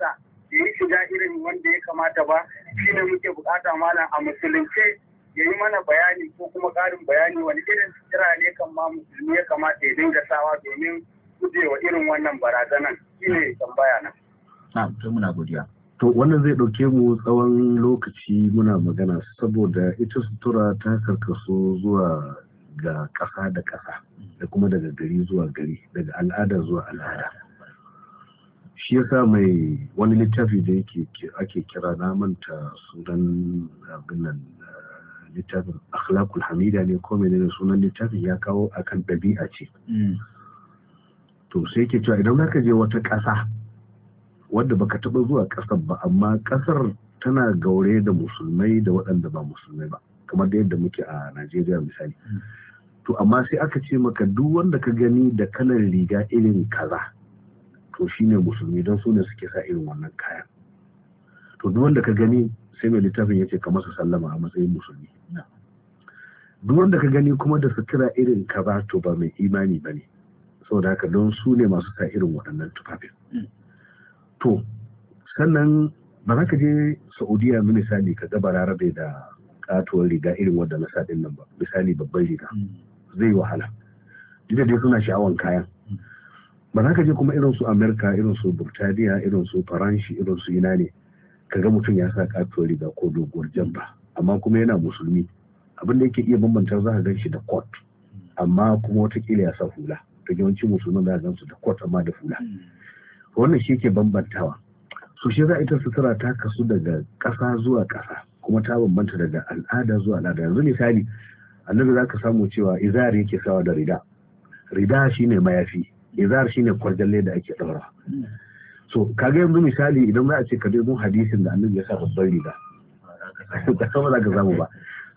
da yi shiga irin wanda ya kamata ba shi ne muke bukata malam a musulunce ya yi mana bayani ko kuma ƙarin bayani wani irin sutura ne kan ma musulmi ya kamata ya dinga sawa domin gujewa irin wannan barazanan shine tambaya na na to muna godiya to wannan zai ɗauke mu tsawon lokaci muna magana saboda ita sutura ta karkaso zuwa ga ƙasa da ƙasa da kuma daga gari zuwa gari daga al'ada zuwa al'ada shi yasa mai wani littafi da yake ake kira na manta sunan abinan eh, littafin akhlaqul hamida ne ko menene sunan littafin ya kawo akan ɗabi'a ce mm. to sai ke cewa idan zaka je wata ƙasa wadda baka taɓa zuwa ƙasar ba amma ƙasar tana gaure da musulmai da waɗanda ba musulmai ba kamar da yadda muke a najeriya misali hmm. to amma sai aka ce maka duk wanda ka gani da kalar riga irin kaza to shine musulmi don su ne suke sa irin wannan kayan to duk wanda ka gani sai mai littafin ya ce ka masa sallama a matsayin musulmi duk wanda ka gani kuma da sutura irin kaza to ba mai imani ba ne saboda haka don su ne masu sa irin waɗannan tufafin mm. to sannan ba za ka je saudiya misali ka ga bararabe da katuwar riga irin wadda na saɗin nan ba misali babban riga mm. zai wahala duk dai suna sha'awan kayan mm. ba za ka je kuma irin su amerika irin su burtaniya irin su faranshi irin su ina ne ka ga mutum ya sa katuwar riga ko doguwar jamba amma kuma yana musulmi abin da yake iya bambanta za ka gan shi da kot amma kuma watakila ya sa hula da yawanci musulman da a su da kwat ma da fula hmm. wannan shi ke bambantawa so shi za ita sutura ta kasu daga ƙasa zuwa ƙasa kuma ta bambanta daga al'ada zuwa al'ada yanzu misali annabi za ka samu cewa izar yake sawa da rida rida ne mayafi izar ne kwarjalle da ake ɗaura hmm. so kaga yanzu misali idan za a ce ka mun hadisin da annabi ya sa babban rida da sama za ka samu ba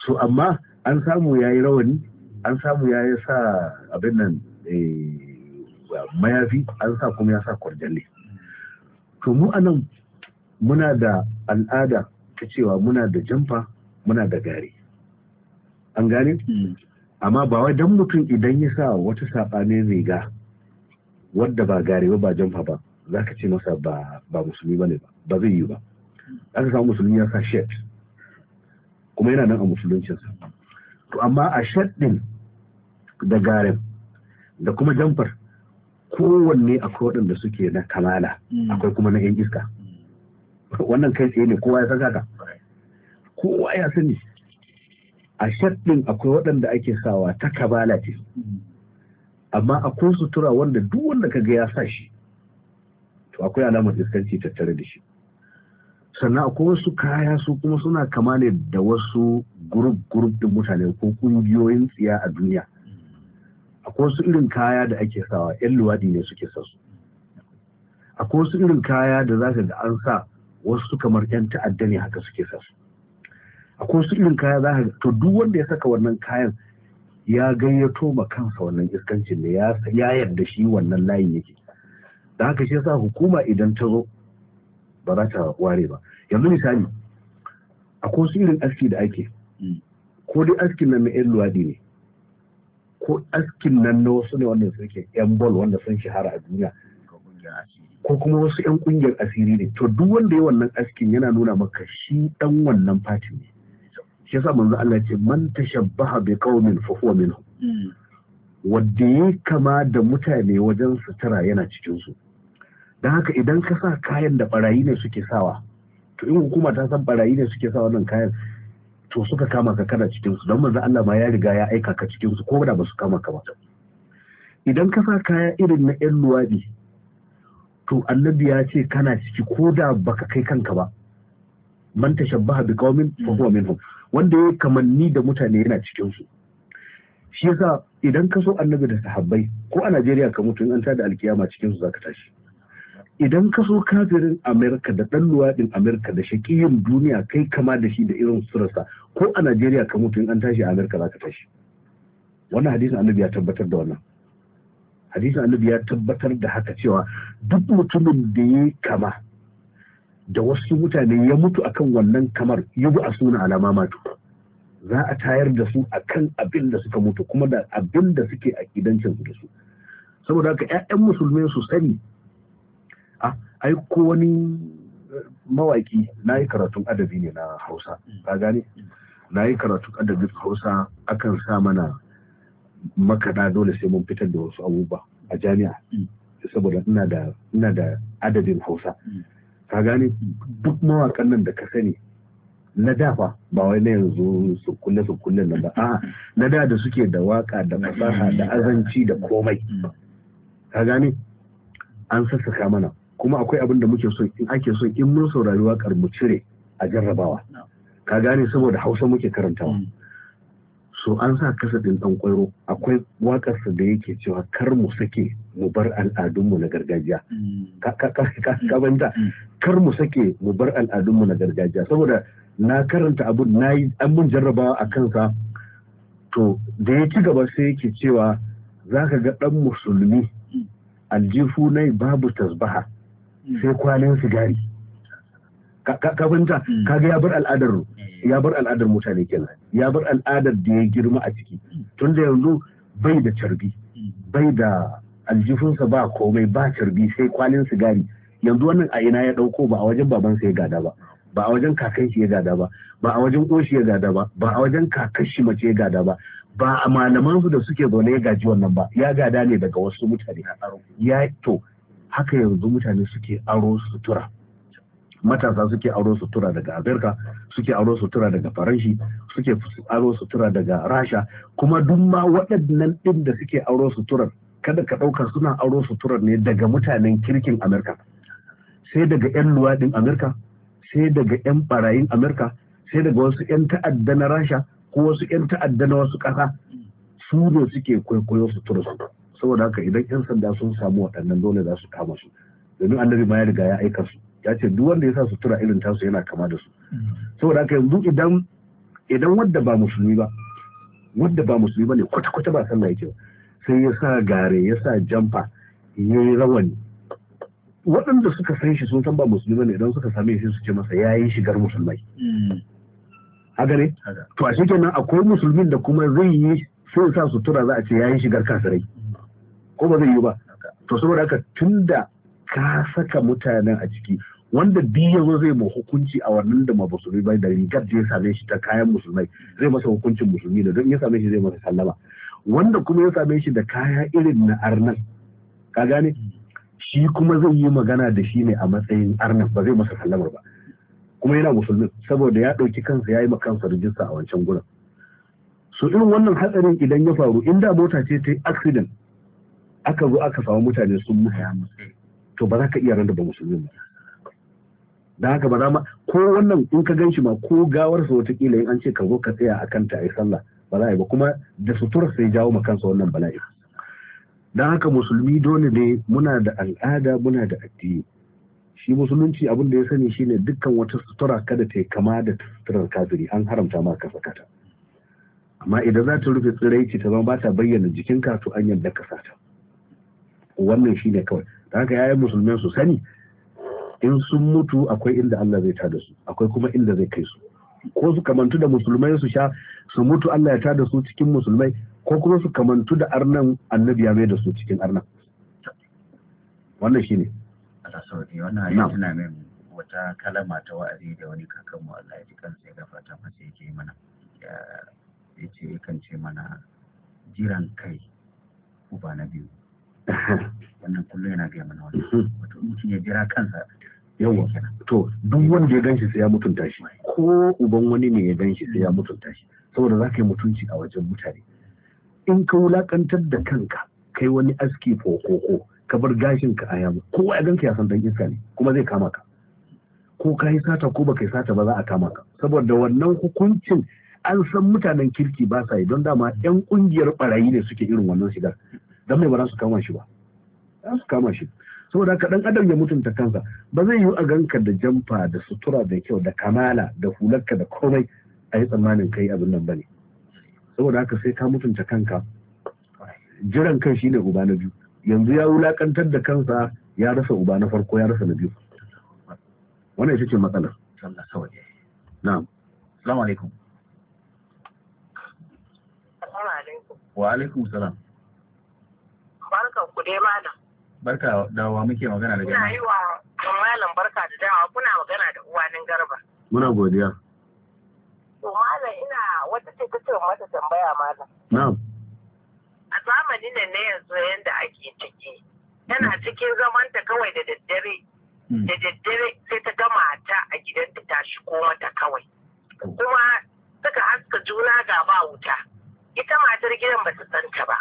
so amma an samu ya yi rawani an samu ya yi sa abin nan Eh, mayafi an sa kuma ya sa kwarjalle to mu anan muna da al'ada ta cewa muna da jamfa muna da gari an gane hmm. amma ba wai dan mutum idan ya sa wata saɓanin riga wadda ba gari ba ba jamfa ba za ka ce masa ba musulmi ba ne ba zai yi ba aka samu musulmi ya sa shirt kuma yana nan a musuluncinsa to amma a shirt din da garin da kuma jamfar kowanne akwai waɗanda suke na kamala mm. akwai kuma na 'yan iska mm. wannan kai tsaye ne kowa ya san haka kowa ya sani a shaɗin akwai waɗanda ake sawa ta kamala ce mm. amma akwai sutura wanda duk wanda kaga ya sa shi to akwai alamar iskanci tattare da shi sannan akwai wasu kaya su kuma suna kama da wasu gurup gurup din mutane ko ƙungiyoyin tsiya a duniya akwai wasu irin kaya da ake sawa yan luwadi ne suke sa su akwai wasu irin kaya da za ka ga an sa wasu kamar yan ta'adda ne haka suke sa su akwai wasu irin kaya za ka ga to duk wanda ya saka wannan kayan ya gayyato ma kansa wannan iskancin ne ya yarda shi wannan layin yake da haka shi yasa hukuma idan ta zo ba za ta ware ba yanzu misali akwai wasu irin aski da ake mm. ko dai askin na yan luwaɗi ne ko askin nan na wasu ne wanda suke yan bol wanda sun shahara a duniya ko kuma wasu yan kungiyar asiri ne to duk wanda ya wannan askin yana nuna maka shi dan wannan fati ne shi yasa manzo Allah ce man tashabbaha bi qaumin fa huwa minhum wanda ya kama da mutane wajen sutura yana cikin su dan haka idan ka sa kayan da barayi ne suke sawa to in hukuma ta san barayi ne suke sa wannan kayan to suka kama ka kana cikin su don manzo Allah ma ya riga ya aika ka cikin su ko da ba su kama ka ba idan ka sa kaya irin na yan luwadi to annabi ya ce kana ciki ko da baka kai kanka ba man tashabbaha bi qaumin fa huwa minhum wanda ya kamanni da mutane yana cikin su shi yasa idan ka so annabi da sahabbai ko a Najeriya ka mutu in an tada alkiyama cikin su zaka tashi idan ka so kafirin amerika da ɗan luwaɗin amerika da shakiyin duniya kai kama da shi da irin surarsa ko a najeriya ka mutu in an tashi a amerika za ka tashi wannan hadisin annabi ya tabbatar da wannan hadisin annabi ya tabbatar da haka cewa duk mutumin da ya kama da wasu mutane ya mutu akan wannan kamar yi a suna alama matu za a tayar da su akan abin da suka mutu kuma da abin da suke a kidancin su da su saboda haka 'ya'yan musulmi su sani Ah, ai ko wani eh, mawaki na yi karatun adabi ne na hausa mm. ka gane mm. na yi karatun adabin hausa akan sa mana makaɗa dole sai mun fitar da wasu abubuwa a jami'a mm. saboda ina da adabin adadin hausa ka gane duk mawakan nan da ka sani na dafa ba wai na yanzu su kulle su kulle nan ba a'a na da da suke da waka da fasaha da azanci da komai ka gane an sassaka mana kuma akwai abin da muke so in ake son in mun saurari waƙar mu cire a jarrabawa ka gane saboda hausa muke karantawa mm. so an sa kasa ɗin ɗan kwairo akwai waƙarsa da yake cewa kar mu sake mu bar al'adunmu na gargajiya mm. Ka kabanta mm. kar mu sake mu bar al'adunmu na gargajiya saboda na karanta abun na an mun jarrabawa a kansa to da ya ci gaba sai yake cewa zaka ga ɗan musulmi aljifu nai babu tasbaha sai kwanan sigari kafinta mm. kaga ya bar al'adar eh. ya bar al'adar mutane kenan ya bar al'adar da ya girma a ciki tun da yanzu bai da carbi mm. bai da aljifinsa ba komai ba carbi sai kwalin sigari yanzu wannan a ina ya dauko ba a wajen babansa ya gada ba ba a wajen kakan shi ya gada ba ba a wajen koshi ya gada ba ba a wajen kakan mace ya gada ba ba a malaman su da suke zaune ya gaji wannan ba ya gada ne daga wasu mutane ya to haka yanzu mutane suke aro sutura matasa suke aro sutura daga amerika suke aro sutura daga faranshi suke aro sutura daga rasha kuma duk ma waɗannan ɗin da suke aro suturar kada ka ɗauka suna aro suturar ne daga mutanen kirkin amerika sai daga 'yan luwaɗin amerika sai daga 'yan ɓarayin amerika sai daga wasu 'yan ta'adda na rasha ko wasu 'yan ta'adda na wasu ƙasa su ne suke kwaikwayo suturar saboda haka idan yan sanda sun samu waɗannan dole za su kama su domin annabi ma ya riga ya aika su ya ce duk wanda ya sa sutura irin tasu yana kama da su mm-hmm. saboda haka yanzu idan idan wanda ba musulmi ba wanda ba musulmi ba ne kwata-kwata ba sallah yake sai ya sa gare ya sa jamfa ya yi rawani waɗanda suka san shi sun san ba musulmi ba ne idan suka same shi su ce masa ya yi shigar musulmai mm-hmm. haka ne to a shi kenan akwai musulmin da kuma zai yi sai sa sutura za a ce ya yi shigar kasarai ko ba zai yi ba to saboda haka tunda ka saka mutanen a ciki wanda duk yanzu zai ma hukunci a wannan da musulmi bai da rigar da ya same shi ta kayan musulmai zai masa hukuncin musulmi da don ya same shi zai masa sallama wanda kuma ya same shi da kaya irin na arnan ka gane shi kuma zai yi magana da shi ne a matsayin arnan ba zai masa sallamar ba kuma yana musulmi saboda ya ɗauki kansa ya yi ma kansa rijista a wancan gurin Su irin wannan hatsarin idan ya faru inda mota ce ta yi accident aka zo aka samu mutane sun mutu to ba za ka iya randa ba musulmi ba da haka ba za ma ko wannan in ka gan shi ma ko gawar sa watakila in an ce ka zo ka tsaya akan ta ai sallah ba za a ba kuma da sutura sai jawo ma kansa wannan bala'i don haka musulmi dole ne muna da al'ada muna da addini shi musulunci abin da ya sani shine dukkan wata sutura kada ta kama da suturar kafiri an haramta ma ka saka amma idan za ta rufe tsiraici ta zama ba ta bayyana jikinka to an yadda ka sata wannan shi ne kawai da haka yayin musulmai su sani in sun mutu akwai inda Allah zai tada su akwai kuma inda zai kai su ko su kamantu da musulmai su sha su mutu Allah ya tada su cikin musulmai ko kuma su kamantu da arnan annabi ya mai da su cikin arnan wannan shi ne wannan ya wata kalama ta wa'azi da wani kakanmu Allah ya ji kansa ya gafarta masa yake mana ya ce yakan ce mana jiran kai uba na biyu wannan kullum yana gaya mana wani mm-hmm. wato mutum ya jira kansa yawa to duk wanda ya ganshi sai ya mutunta shi ko uban wani ne ya ganshi sai ya mm-hmm. mutunta shi saboda za ka yi mutunci a wajen mutane in ka wulakantar da kanka kai wani aski fokoko ka bar gashin ka a yamu kowa ya ganka ya san dan iska ne kuma zai kama ka ko ka yi sata ko baka yi sata ba za a kama ka saboda wannan hukuncin an san mutanen kirki ba sa yi don dama yan kungiyar barayi ne suke irin wannan shigar dan mai ba za su kama shi ba za su kama shi saboda haka dan adam ya mutunta kansa ba zai yi a ganka da jamfa da sutura da kyau da kamala da hularka da komai a yi tsammanin kai abin nan bane saboda haka sai ka mutunta kanka jiran kan shi ne uba na biyu yanzu ya wulakantar da kansa ya rasa uba na farko ya rasa na biyu wannan ita ce matsalar Allah na'am assalamu alaikum wa alaikum salam barkan ku dai malam. Barka da dawowa muke magana da gani. Ina yi wa malam barka da dawa kuna magana da uwanin garba. Muna godiya. To malam ina wata ce ta ce mata tambaya malam. Na'am. A zamanin nan na yanzu yanda ake ciki. Tana cikin zamanta kawai da daddare. Hmm. Da daddare sai ta gama ta a gidanta ta shigo mata kawai. Oh. Kuma suka haska juna ga ba wuta. Ita matar gidan ba ta santa ba.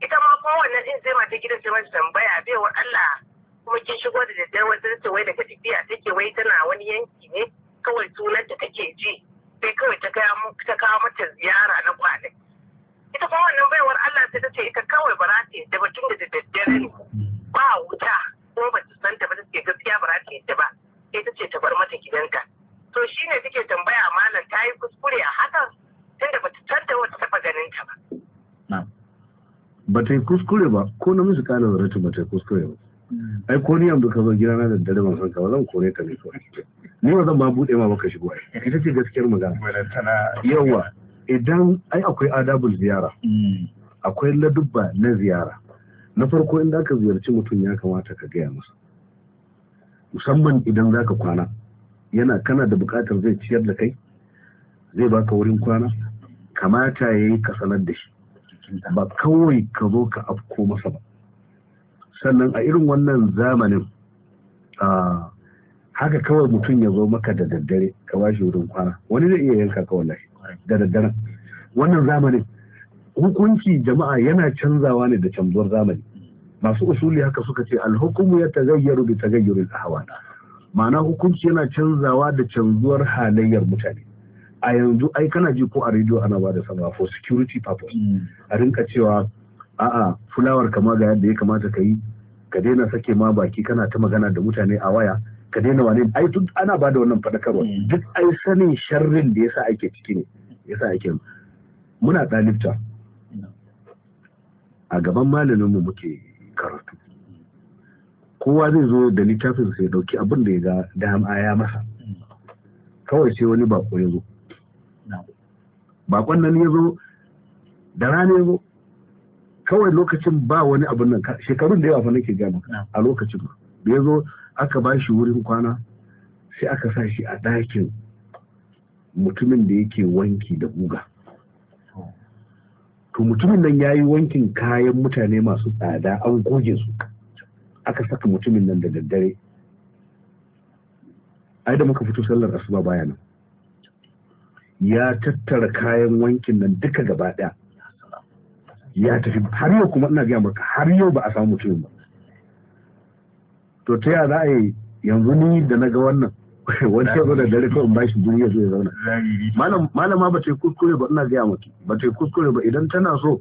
ita ma kowanne in sai mata gidan ta mata tambaya bai wa Allah kuma kin shigo da daddare wata ta wai daga tafiya take wai tana wani yanki ne kawai sunan ta take ji sai kawai ta kawo mata ziyara na kwanaki ita kuma wannan baiwar Allah sai ta ce ita kawai ba da ta ba tun da daddare ne ba wuta ko ba ta san ta ba ta ce gaskiya ba ta yadda ba sai ta ce ta bar mata gidanta to shine take tambaya malam ta yi kuskure a hakan tunda ba ta san wata taɓa ganin ta ba ba ta yi kuskure ba ko na musu kana zaratu ba ta yi kuskure ba ai ko ni yanzu ka zo gidana da dare ban san ka ba zan kore ka ne kawai ni ba zan ba bude ma baka shigo ai ita ce gaskiyar magana yawa idan ai akwai adabul ziyara mm. akwai ladubba na ziyara na farko inda aka ziyarci mutum ya kamata ka gaya masa musamman idan za ka kwana yana kana da bukatar zai ciyar da kai zai baka wurin kwana kamata ya yi ka sanar da shi ba kawai ka zo ka afko masa ba sannan a irin wannan zamanin haka kawai mutum ya zo maka da daddare ka ba shi wurin kwana wani zai iya yanka ka wallahi da daddare wannan zamanin hukunci jama'a yana canzawa ne da canzuwar zamani masu usuli haka suka ce alhukumu ya tagayyaru bi tagayyurin ahwal ma'ana hukunci yana canzawa da canzuwar halayyar mutane a yanzu ai kana ji ko a rediyo ana ba da sama for security purpose a rinka cewa a'a fulawar kama ga yadda ya kamata ka yi ka daina sake ma baki kana ta magana da mutane a waya ka daina wane ai duk ana ba da wannan faɗakarwa mm. duk ai sanin sharrin da yasa ake ciki ne yasa ake muna ɗalibta a gaban malamin mu, muke karatu kowa zai zo da littafin sai dauki abin da ya ga da ya masa mm. kawai sai wani bako ya zo bakon nan ya zo da rana ya zo kawai lokacin ba wani abin nan shekarun da yawa fa nake gama a lokacin da ya zo aka ba shi wurin kwana sai aka sa shi a dakin mutumin da yake wanki da guga to mutumin nan ya yi wankin kayan mutane masu tsada an goge su aka saka mutumin nan da daddare ai da muka fito sallar asuba baya nan ya tattara kayan wankin nan duka gaba ɗaya ya tafi har yau kuma ina gaya maka har yau ba a samu mutumin ba to ta yaya za a yi yanzu ni da na ga wannan [laughs] wani ya zo da dare kawai ba shi duniya zai zauna malama ba ta yi kuskure ba ina gaya maka ba ta yi kuskure ba idan tana so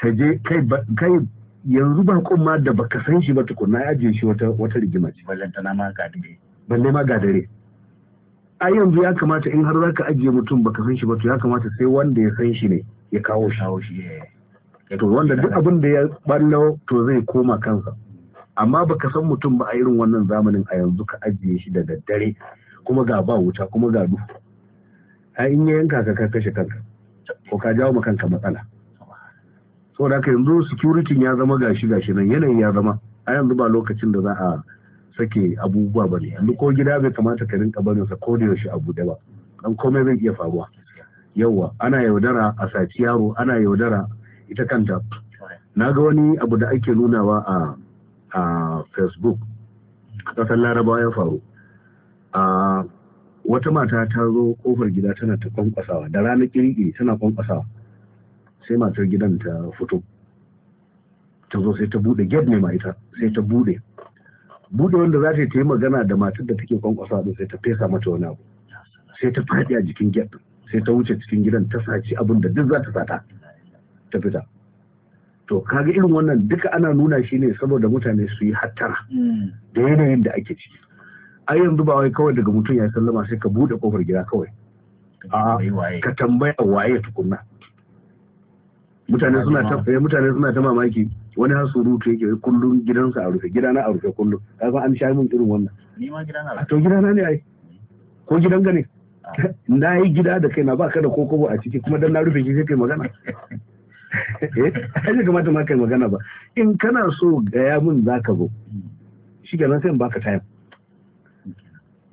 ka je kai yanzu ba kuma da baka san shi ba tukuna. ya ajiye shi wata rigima ce balle ma ga dare a yanzu ya kamata in har zaka ajiye mutum baka san shi ba to ya kamata sai wanda ya san shi ne ya kawo shi eh. to wanda duk abin da ya ballo to zai koma kansa amma baka san mutum ba a irin wannan zamanin a yanzu ka ajiye shi da daddare kuma ga ba wuta kuma ga duhu a in ya yanka ka ka kashe kanka ko ka jawo kanka matsala saboda haka yanzu security ya zama gashi gashi nan yanayi ya zama a yanzu ba lokacin da za a sake abubuwa bane yanzu ko gida bai kamata ka rinka barin sa ko da yaushe a bude ba dan komai zai iya faruwa yawwa ana yaudara a saci yaro ana yaudara ita kanta na ga wani abu da ake nunawa a a facebook kasar larabawa ya faru a wata mata ta zo kofar gida tana ta kwankwasawa da ranar kirki tana kwankwasawa sai matar gidan ta fito ta zo sai ta bude gate ne ma ita sai ta bude bude wanda za ta yi ta magana da matar da take kwankwasa din sai ta fesa mata wani abu sai ta faɗi a jikin gate sai ta wuce cikin gidan ta saci abin da duk za ta sata ta fita to kaga irin wannan duka ana nuna shi ne saboda mutane su yi hattara da yanayin da ake ciki ai yanzu ba wai kawai daga mutum ya sallama sai ka bude kofar gida kawai ka tambaya waye tukunna mutane suna ta eh, mutane suna ta mamaki wani har surutu yake kullum gidansa a rufe gidana a rufe kullum kaga an sha min irin wannan ni ma gidana a to gidana ne ai ko gidan ka ne ah. [laughs] na yi gida da kai na ba ka da kokobo a ciki kuma dan na rufe ki sai kai magana [laughs] eh, ai kamata ma kai magana ba in kana so gaya min za ka zo shi kenan sai in baka time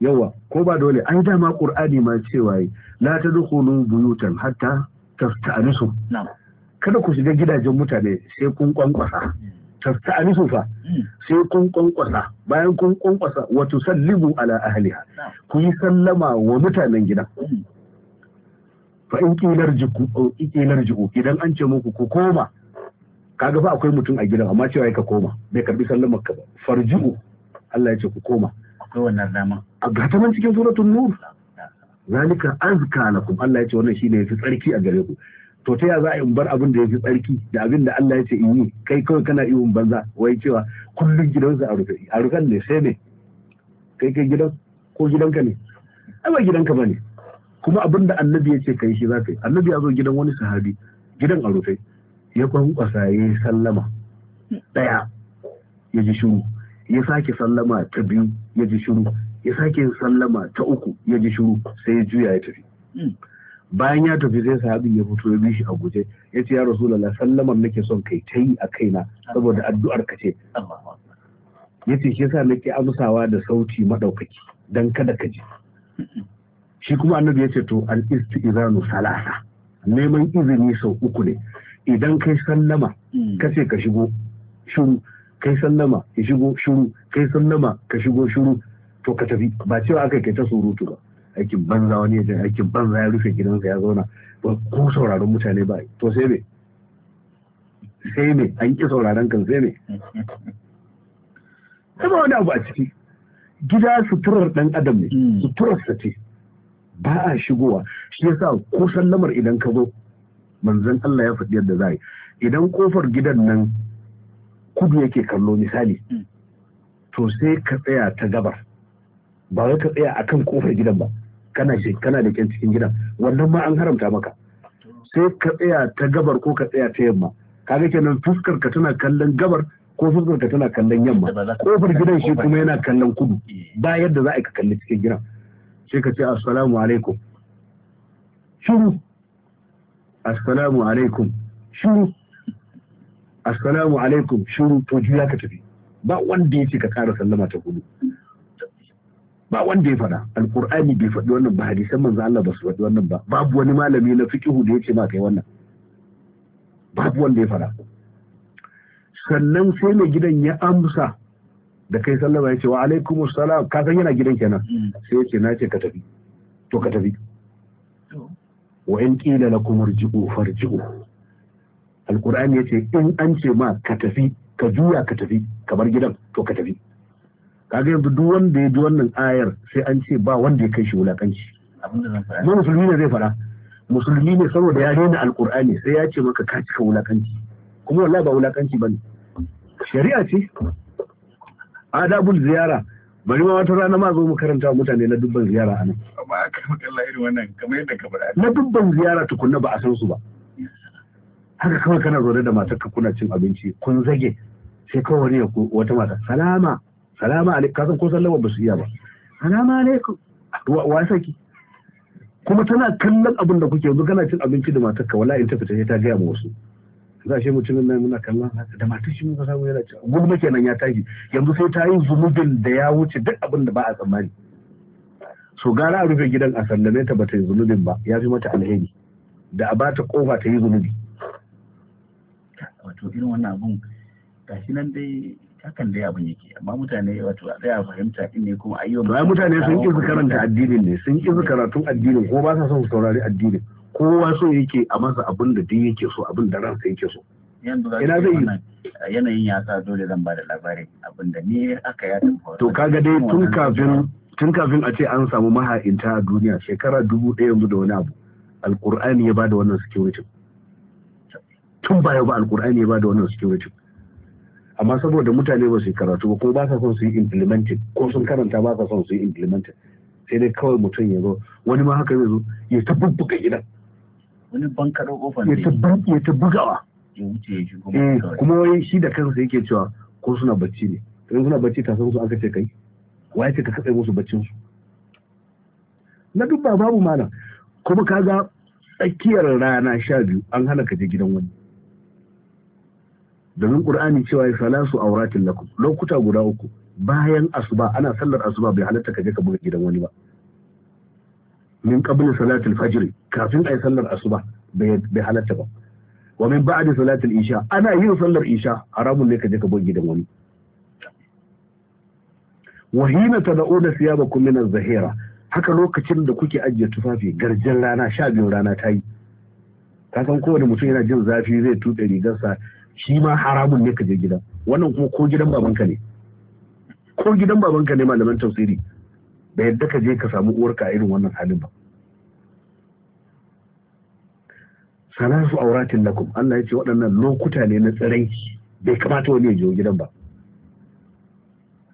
yawa ko ba dole ai dama qur'ani ma cewa la tadkhulu buyutan hatta tasta'nisu na'am kada ku shiga gidajen mutane sai kun kwankwasa tafta a fa sai kun kwankwasa bayan kun kwankwasa wato sallimu ala ahliha ku yi sallama wa mutanen gidan fa in kilar jiku oh, kilar jiku idan an ce muku ku koma kaga fa akwai mutum a gidan amma cewa ka koma bai karbi sallamar ka ba farji'u Allah ya ce ku koma akwai wannan dama a gataman cikin suratul nur zalika azka lakum Allah ya ce wannan shine yafi tsarki a gare ku to ta za a in bar abin da ya fi tsarki da abin da Allah ya ce in yi kai kawai kana ihun banza wai cewa kullum gidansu a rufe a rufen ne sai ne kai kai gidan ko gidanka ne ai ba gidanka ba kuma abin da annabi ya ce kai shi za ka yi annabi ya zo gidan wani sahabi gidan a rufe ya kwankwasa ya yi sallama ɗaya ya ji shuru ya sake sallama ta biyu ya ji shuru ya sake sallama ta uku ya ji shuru sai ya juya ya tafi hmm. bayan ya tafi sai sahabin ya fito ya bi shi a guje ya ce ya rasulullah sallamar nake son kai ta yi a kaina saboda addu'ar ka ce ya ce shi yasa nake amsawa da sauti madaukaki dan kada ka ji shi kuma annabi ya ce to al istizanu salasa neman izini sau uku ne idan kai sallama hmm. ka ce ka shigo shuru kai sallama ka shigo shuru kai sallama ka shigo shiru to ka tafi ba cewa aka kai ta surutu ba aikin banza wani ya aikin banza ya rufe gidansa ya zauna ba ko sauraron mutane ba to sai me sai me an ki sauraron kan sai me kuma wani abu a ciki gida suturar ɗan adam ne hmm. suturar sa ce ba a shigowa shi yasa ko sallamar idan ka zo manzon Allah ya faɗi yadda za yi idan ƙofar gidan nan kudu yake kallo misali hmm. to sai ka tsaya ta gabar ba wai ka tsaya kan kofar gidan ba kana shi kana da kyan cikin gidan wannan ma an haramta maka sai ka tsaya ta gabar ko ka tsaya ta yamma kaga kenan fuskar ka tana kallon gabar ko fuskar ka tana kallon yamma kofar gidan shi kuma yana kallon kudu eh. ba yadda za a ka kalli cikin gidan sai ka ce assalamu alaikum shiru assalamu alaikum shiru assalamu alaikum shiru to juya ka tafi ba wanda ya ce ka kara sallama ta kudu ba wanda ya faɗa alkur'ani bai faɗi wannan ba hadisan manzo Allah ba su faɗi wannan ba babu wani malami na fiqhu da yake ma kai wannan babu wanda ya faɗa sannan sai mai gidan ya amsa da kai sallama ya ce wa alaikum assalam ka san yana gidan kenan hmm. sai ya ce na ce ka tafi to ka tafi wa in qila lakum irji'u farji'u alqur'ani yace in an ce ma ka tafi ka juya ka tafi ka bar gidan to ka tafi kaga yanzu duk wanda ya ji wannan ayar sai an ce ba wanda ya kai shi wulakanci ma musulmi ne zai fara musulmi ne saboda ya rena alkur'ani sai ya ce maka ka cika wulakanci kuma wallahi ba wulakanci bane shari'a ce adabul ziyara bari ma wata rana ma zo mu karanta mutane na dubban ziyara anan amma irin wannan kamar yadda ka na dubban ziyara tukunna ba a san su ba haka kawai kana zaune da matar ka kuna cin abinci kun zage sai kawai wani wata mata salama salama alaikum kasan ko sallama ba su iya ba salama alaikum wa saki kuma tana kallon abin da kuke yanzu kana cin abinci da ka wala in ta fita sai ta gaya ma wasu za shi mutumin nan muna kallon haka da matar shi muka samu yana cewa gulma kenan ya tashi yanzu sai ta yi zunubin da ya wuce duk abin da ba a tsammani so gara a rufe gidan a sallame ta bata yi zunubin ba ya fi mata alheri da a bata kofa ta yi zunubi wato irin wannan abun gashi nan dai hakan da yawon yake amma mutane wato a tsaya fahimta in ne kuma ayyuka ba mutane sun ki su karanta addinin ne sun ki su karatun addinin ko ba sa son su saurari addinin kowa so yake a masa abin da duk yake so abin da ransa yake so ina zai yi eh, yanayin ya sa dole zan ba da labarin abin da ni aka ya tafi to kaga dai tun kafin tun kafin a ce an samu maha'inta a duniya shekara dubu ɗaya yanzu da wani abu alkur'ani ya bada wannan security tun baya ba alkur'ani ya bada wannan security amma saboda mutane ba su yi karatu ba kuma ba sa son su yi implementing ko sun karanta ba sa son su yi implementing sai dai kawai mutum ya zo wani ma haka zai zo ya tabbuka gida gidan wani bankaro kofar ya ya ta bugawa eh, kuma wai shi da kansa yake cewa ko suna bacci ne idan suna bacci ta san su aka ce kai waye ce ka katse musu baccin su na duk ba babu mana kuma kaga tsakiyar rana sha biyu an hana ka je gidan wani domin ƙur'ani cewa ya salasu auratin lakum lokuta guda uku bayan asuba ana sallar asuba bai halatta ka je ka buga gidan wani ba min qabl salatul fajr kafin yi sallar asuba bai halatta ba wa min ba'd salatul isha ana yin sallar isha haramun ne ka je ka buga gidan wani wa hina tad'una siyabakum min az-zahira haka lokacin da kuke ajiye tufafi garjin rana sha biyu rana ta yi kasan kowane mutum yana jin zafi zai tuɗe rigarsa shi ma haramun ne ka je gida wannan kuma ko gidan babanka ne ko gidan babanka ne malaman tafsiri da yadda ka je ka samu uwarka a irin wannan halin ba salasu auratin lakum Allah ya ce waɗannan lokuta ne na tsirai bai kamata wani ya je gidan ba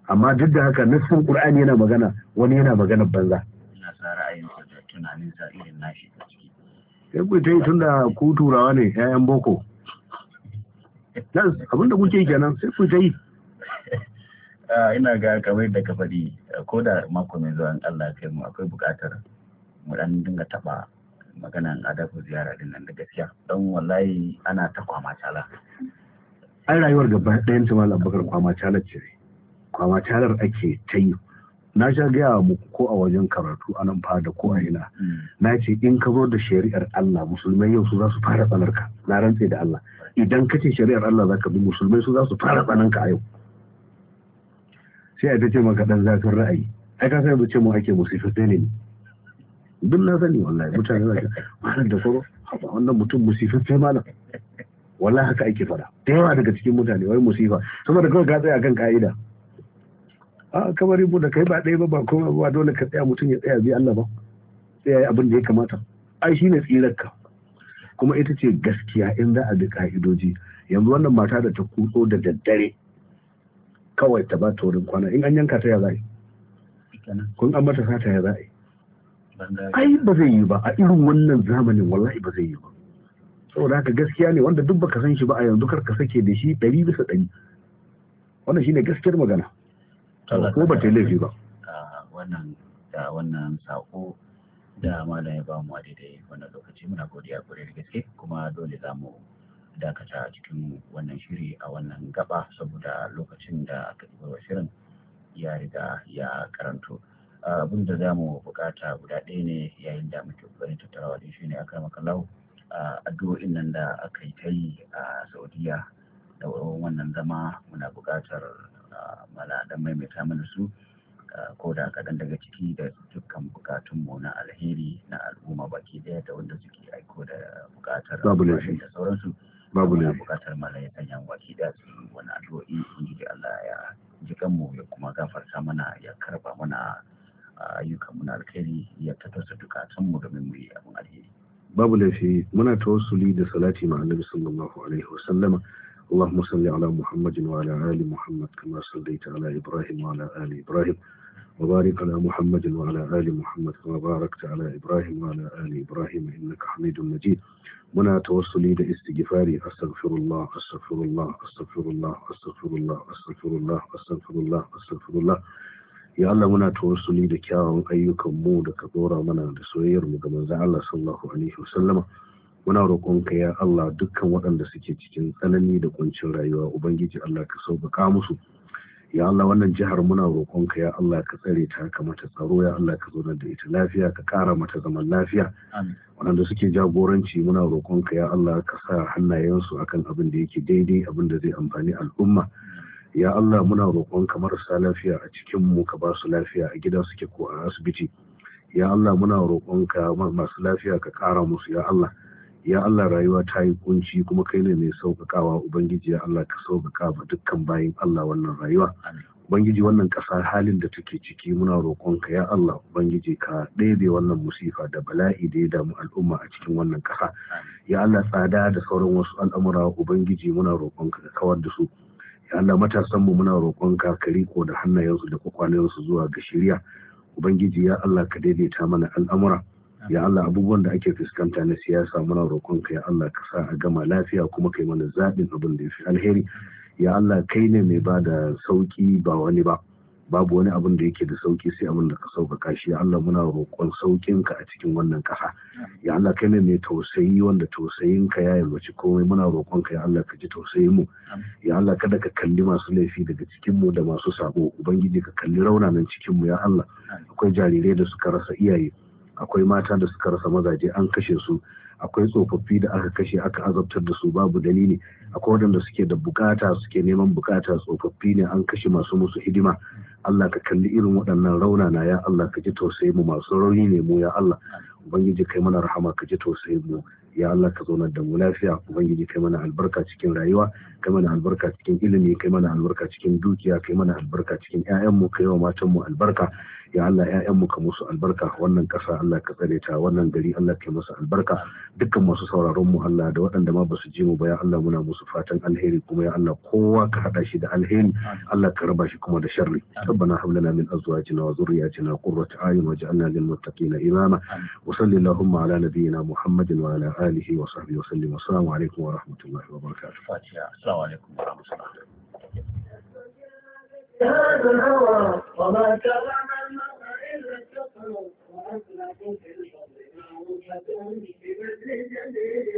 amma duk da haka nassin qur'ani yana magana wani yana magana banza ina sa ra'ayin sa da tunanin sa nashi ta ciki ku tai tunda ku turawa ne ƴaƴan boko abinda kuke kenan sai ku yi [laughs] ah, ina ga kamar da ka faɗi ko da mako mai zuwa Allah kai mu akwai buƙatar mu dan dinga taɓa maganan adabu ziyara din nan da gaskiya don wallahi ana ta kwama cala ai rayuwar gaba ɗayan ta malam bakar kwama calar ce kwama calar ake ta na sha gaya muku ko a wajen karatu a nan fada ko a mm. ina mm. na ce in ka zo da shari'ar Allah musulmai yau su za su fara ka. na rantse da Allah idan ka ce shari'ar Allah za ka bi musulmai su za su fara ka a yau sai a ta ce maka dan zafin ra'ayi ai ka sai ce mu ake musifi sai ne duk na sani wallahi mutane za ka malam da tsoro wannan mutum musifi sai malam wallahi haka ake fara da yawa daga cikin mutane wai musifa saboda kawai ka tsaya kan ka'ida a kamar ibu da kai ba ɗaya ba ba kuma ba dole ka tsaya mutum ya tsaya bi Allah ba sai ya yi abin da ya kamata ai shi ne tsirarka kuma ita ce gaskiya in za a bi ka'idoji yanzu wannan mata da ta kutso da daddare kawai ta ba ta wurin kwana in an yanka ta ya za'i kun an mata sata ya za'i ai ba zai yi ba a irin wannan zamanin wallahi ba zai yi ba saboda haka gaskiya ne wanda duk baka san shi ba a yanzu kar ka sake da shi ɗari bisa ɗari wannan ne gaskiyar magana ko ba ta laifi ba wannan da wannan sako da malam ya ba mu a daidai wannan lokaci muna godiya kwarai da gaske kuma dole za mu dakata a cikin wannan shiri a wannan gaba saboda lokacin da aka ɗibarwa shirin ya riga ya karanto abin da za mu bukata guda ɗaya ne yayin da muke ƙoƙarin tattara wajen shi ne a kan a addu'o'in nan da aka yi ta yi a saudiya da wannan zama muna buƙatar Mala dan maimaita mana su ko da kaɗan daga ciki da dukkan bukatunmu na alheri na al'umma baki ɗaya da wanda suke aiko da bukatar da sauransu babu ne bukatar malaikan yan baki da su wani addu'o'i ubangiji Allah ya jikan mu ya kuma gafarta mana ya karba mana ayyukan mu na alheri ya tattasa dukatunmu domin mu yi abin alheri babu laifi muna tawassuli da salati ma annabi sallallahu alaihi wasallama اللهم صل على محمد وعلى آل محمد كما صليت على إبراهيم وعلى آل إبراهيم وبارك على محمد وعلى آل محمد كما باركت على إبراهيم وعلى آل إبراهيم إنك حميد مجيد muna tawassuli da istighfari astaghfirullah astaghfirullah astaghfirullah astaghfirullah astaghfirullah astaghfirullah astaghfirullah ya Allah muna tawassuli da kyawawan ayyukanmu da ka dora mana da soyayyarmu mu ga manzon Allah sallallahu alaihi wasallama muna roƙonka ya Allah dukkan waɗanda suke cikin tsanani da kuncin rayuwa ubangiji Allah ka sauƙaƙa musu ya Allah wannan jihar muna roƙonka ya Allah ka tsare ta ka mata tsaro ya Allah ka zauna da ita lafiya ka ƙara mata zaman lafiya waɗanda suke jagoranci muna roƙonka ya Allah ka sa hannayensu akan abin da yake daidai abin da zai amfani al'umma ya Allah muna roƙonka marasa lafiya a cikin mu ka ba su lafiya a gida suke ko a asibiti ya Allah muna roƙonka masu lafiya ka ƙara musu ya Allah ya Allah rayuwa ta yi kunci kuma kai ne mai sauƙaƙawa ubangiji ya Allah ka sauƙaƙa ba dukkan bayan Allah wannan rayuwa ubangiji wannan ƙasa halin da take ciki muna roƙonka ya Allah ubangiji ka ɗebe wannan musifa da bala'i da ya damu al'umma a cikin wannan ƙasa ya Allah tsada da sauran wasu al'amura ubangiji muna roƙonka ka kawar da su ya Allah matasan muna roƙonka ka riko da hannayensu da kwakwalensu zuwa ga shirya ubangiji ya Allah ka daidaita mana al'amura ya Allah abubuwan da ake fuskanta na siyasa muna roƙon ka ya Allah ka sa a gama lafiya kuma kai mana zaɓin abin da ya fi alheri ya Allah kai ne mai ba da sauƙi ba wani ba babu wani abin da yake da sauki sai abin da ka sauƙaƙa shi ya Allah muna roƙon saukin ka a cikin wannan kasa. ya Allah kai ne mai tausayi wanda tausayin ka ya yalwaci komai muna roƙon ka ya Allah ka ji tausayin mu ya Allah kada ka kalli masu laifi daga cikin mu da masu sabo ubangiji ka kalli raunanan cikin mu ya Allah akwai jarirai da suka rasa iyaye akwai mata da suka rasa mazaje an kashe su akwai tsofaffi da aka kashe aka azabtar da su babu dalili akwai waɗanda suke da bukata suke neman bukata tsofaffi ne an kashe masu musu hidima Allah ka kalli irin waɗannan raunana ya Allah ka ji tausayi mu masu rauni ne mu ya Allah ubangiji kai mana rahama ka ji tausayi mu ya Allah ka zaunar da mu lafiya ubangiji kai mana albarka cikin rayuwa kai mana albarka cikin ilimi kai mana albarka cikin dukiya kai mana albarka cikin ƴaƴan mu kai wa matan mu albarka ya Allah ƴaƴan mu ka musu albarka wannan ƙasa Allah ka tsare ta wannan gari Allah kai musu albarka dukkan masu sauraron mu Allah da waɗanda ma basu ji mu ba ya Allah muna musu fatan alheri kuma ya Allah kowa ka hada shi da alheri Allah ka raba shi kuma da sharri ربنا حولنا لنا من أزواجنا وذرياتنا قرة أعين واجعلنا للمتقين إماما وصل اللهم على نبينا محمد وعلى آله وصحبه وسلم والسلام عليكم ورحمة الله وبركاته السلام عليكم ورحمة الله هذا الهوى وما كرم المرء إلا الشكر في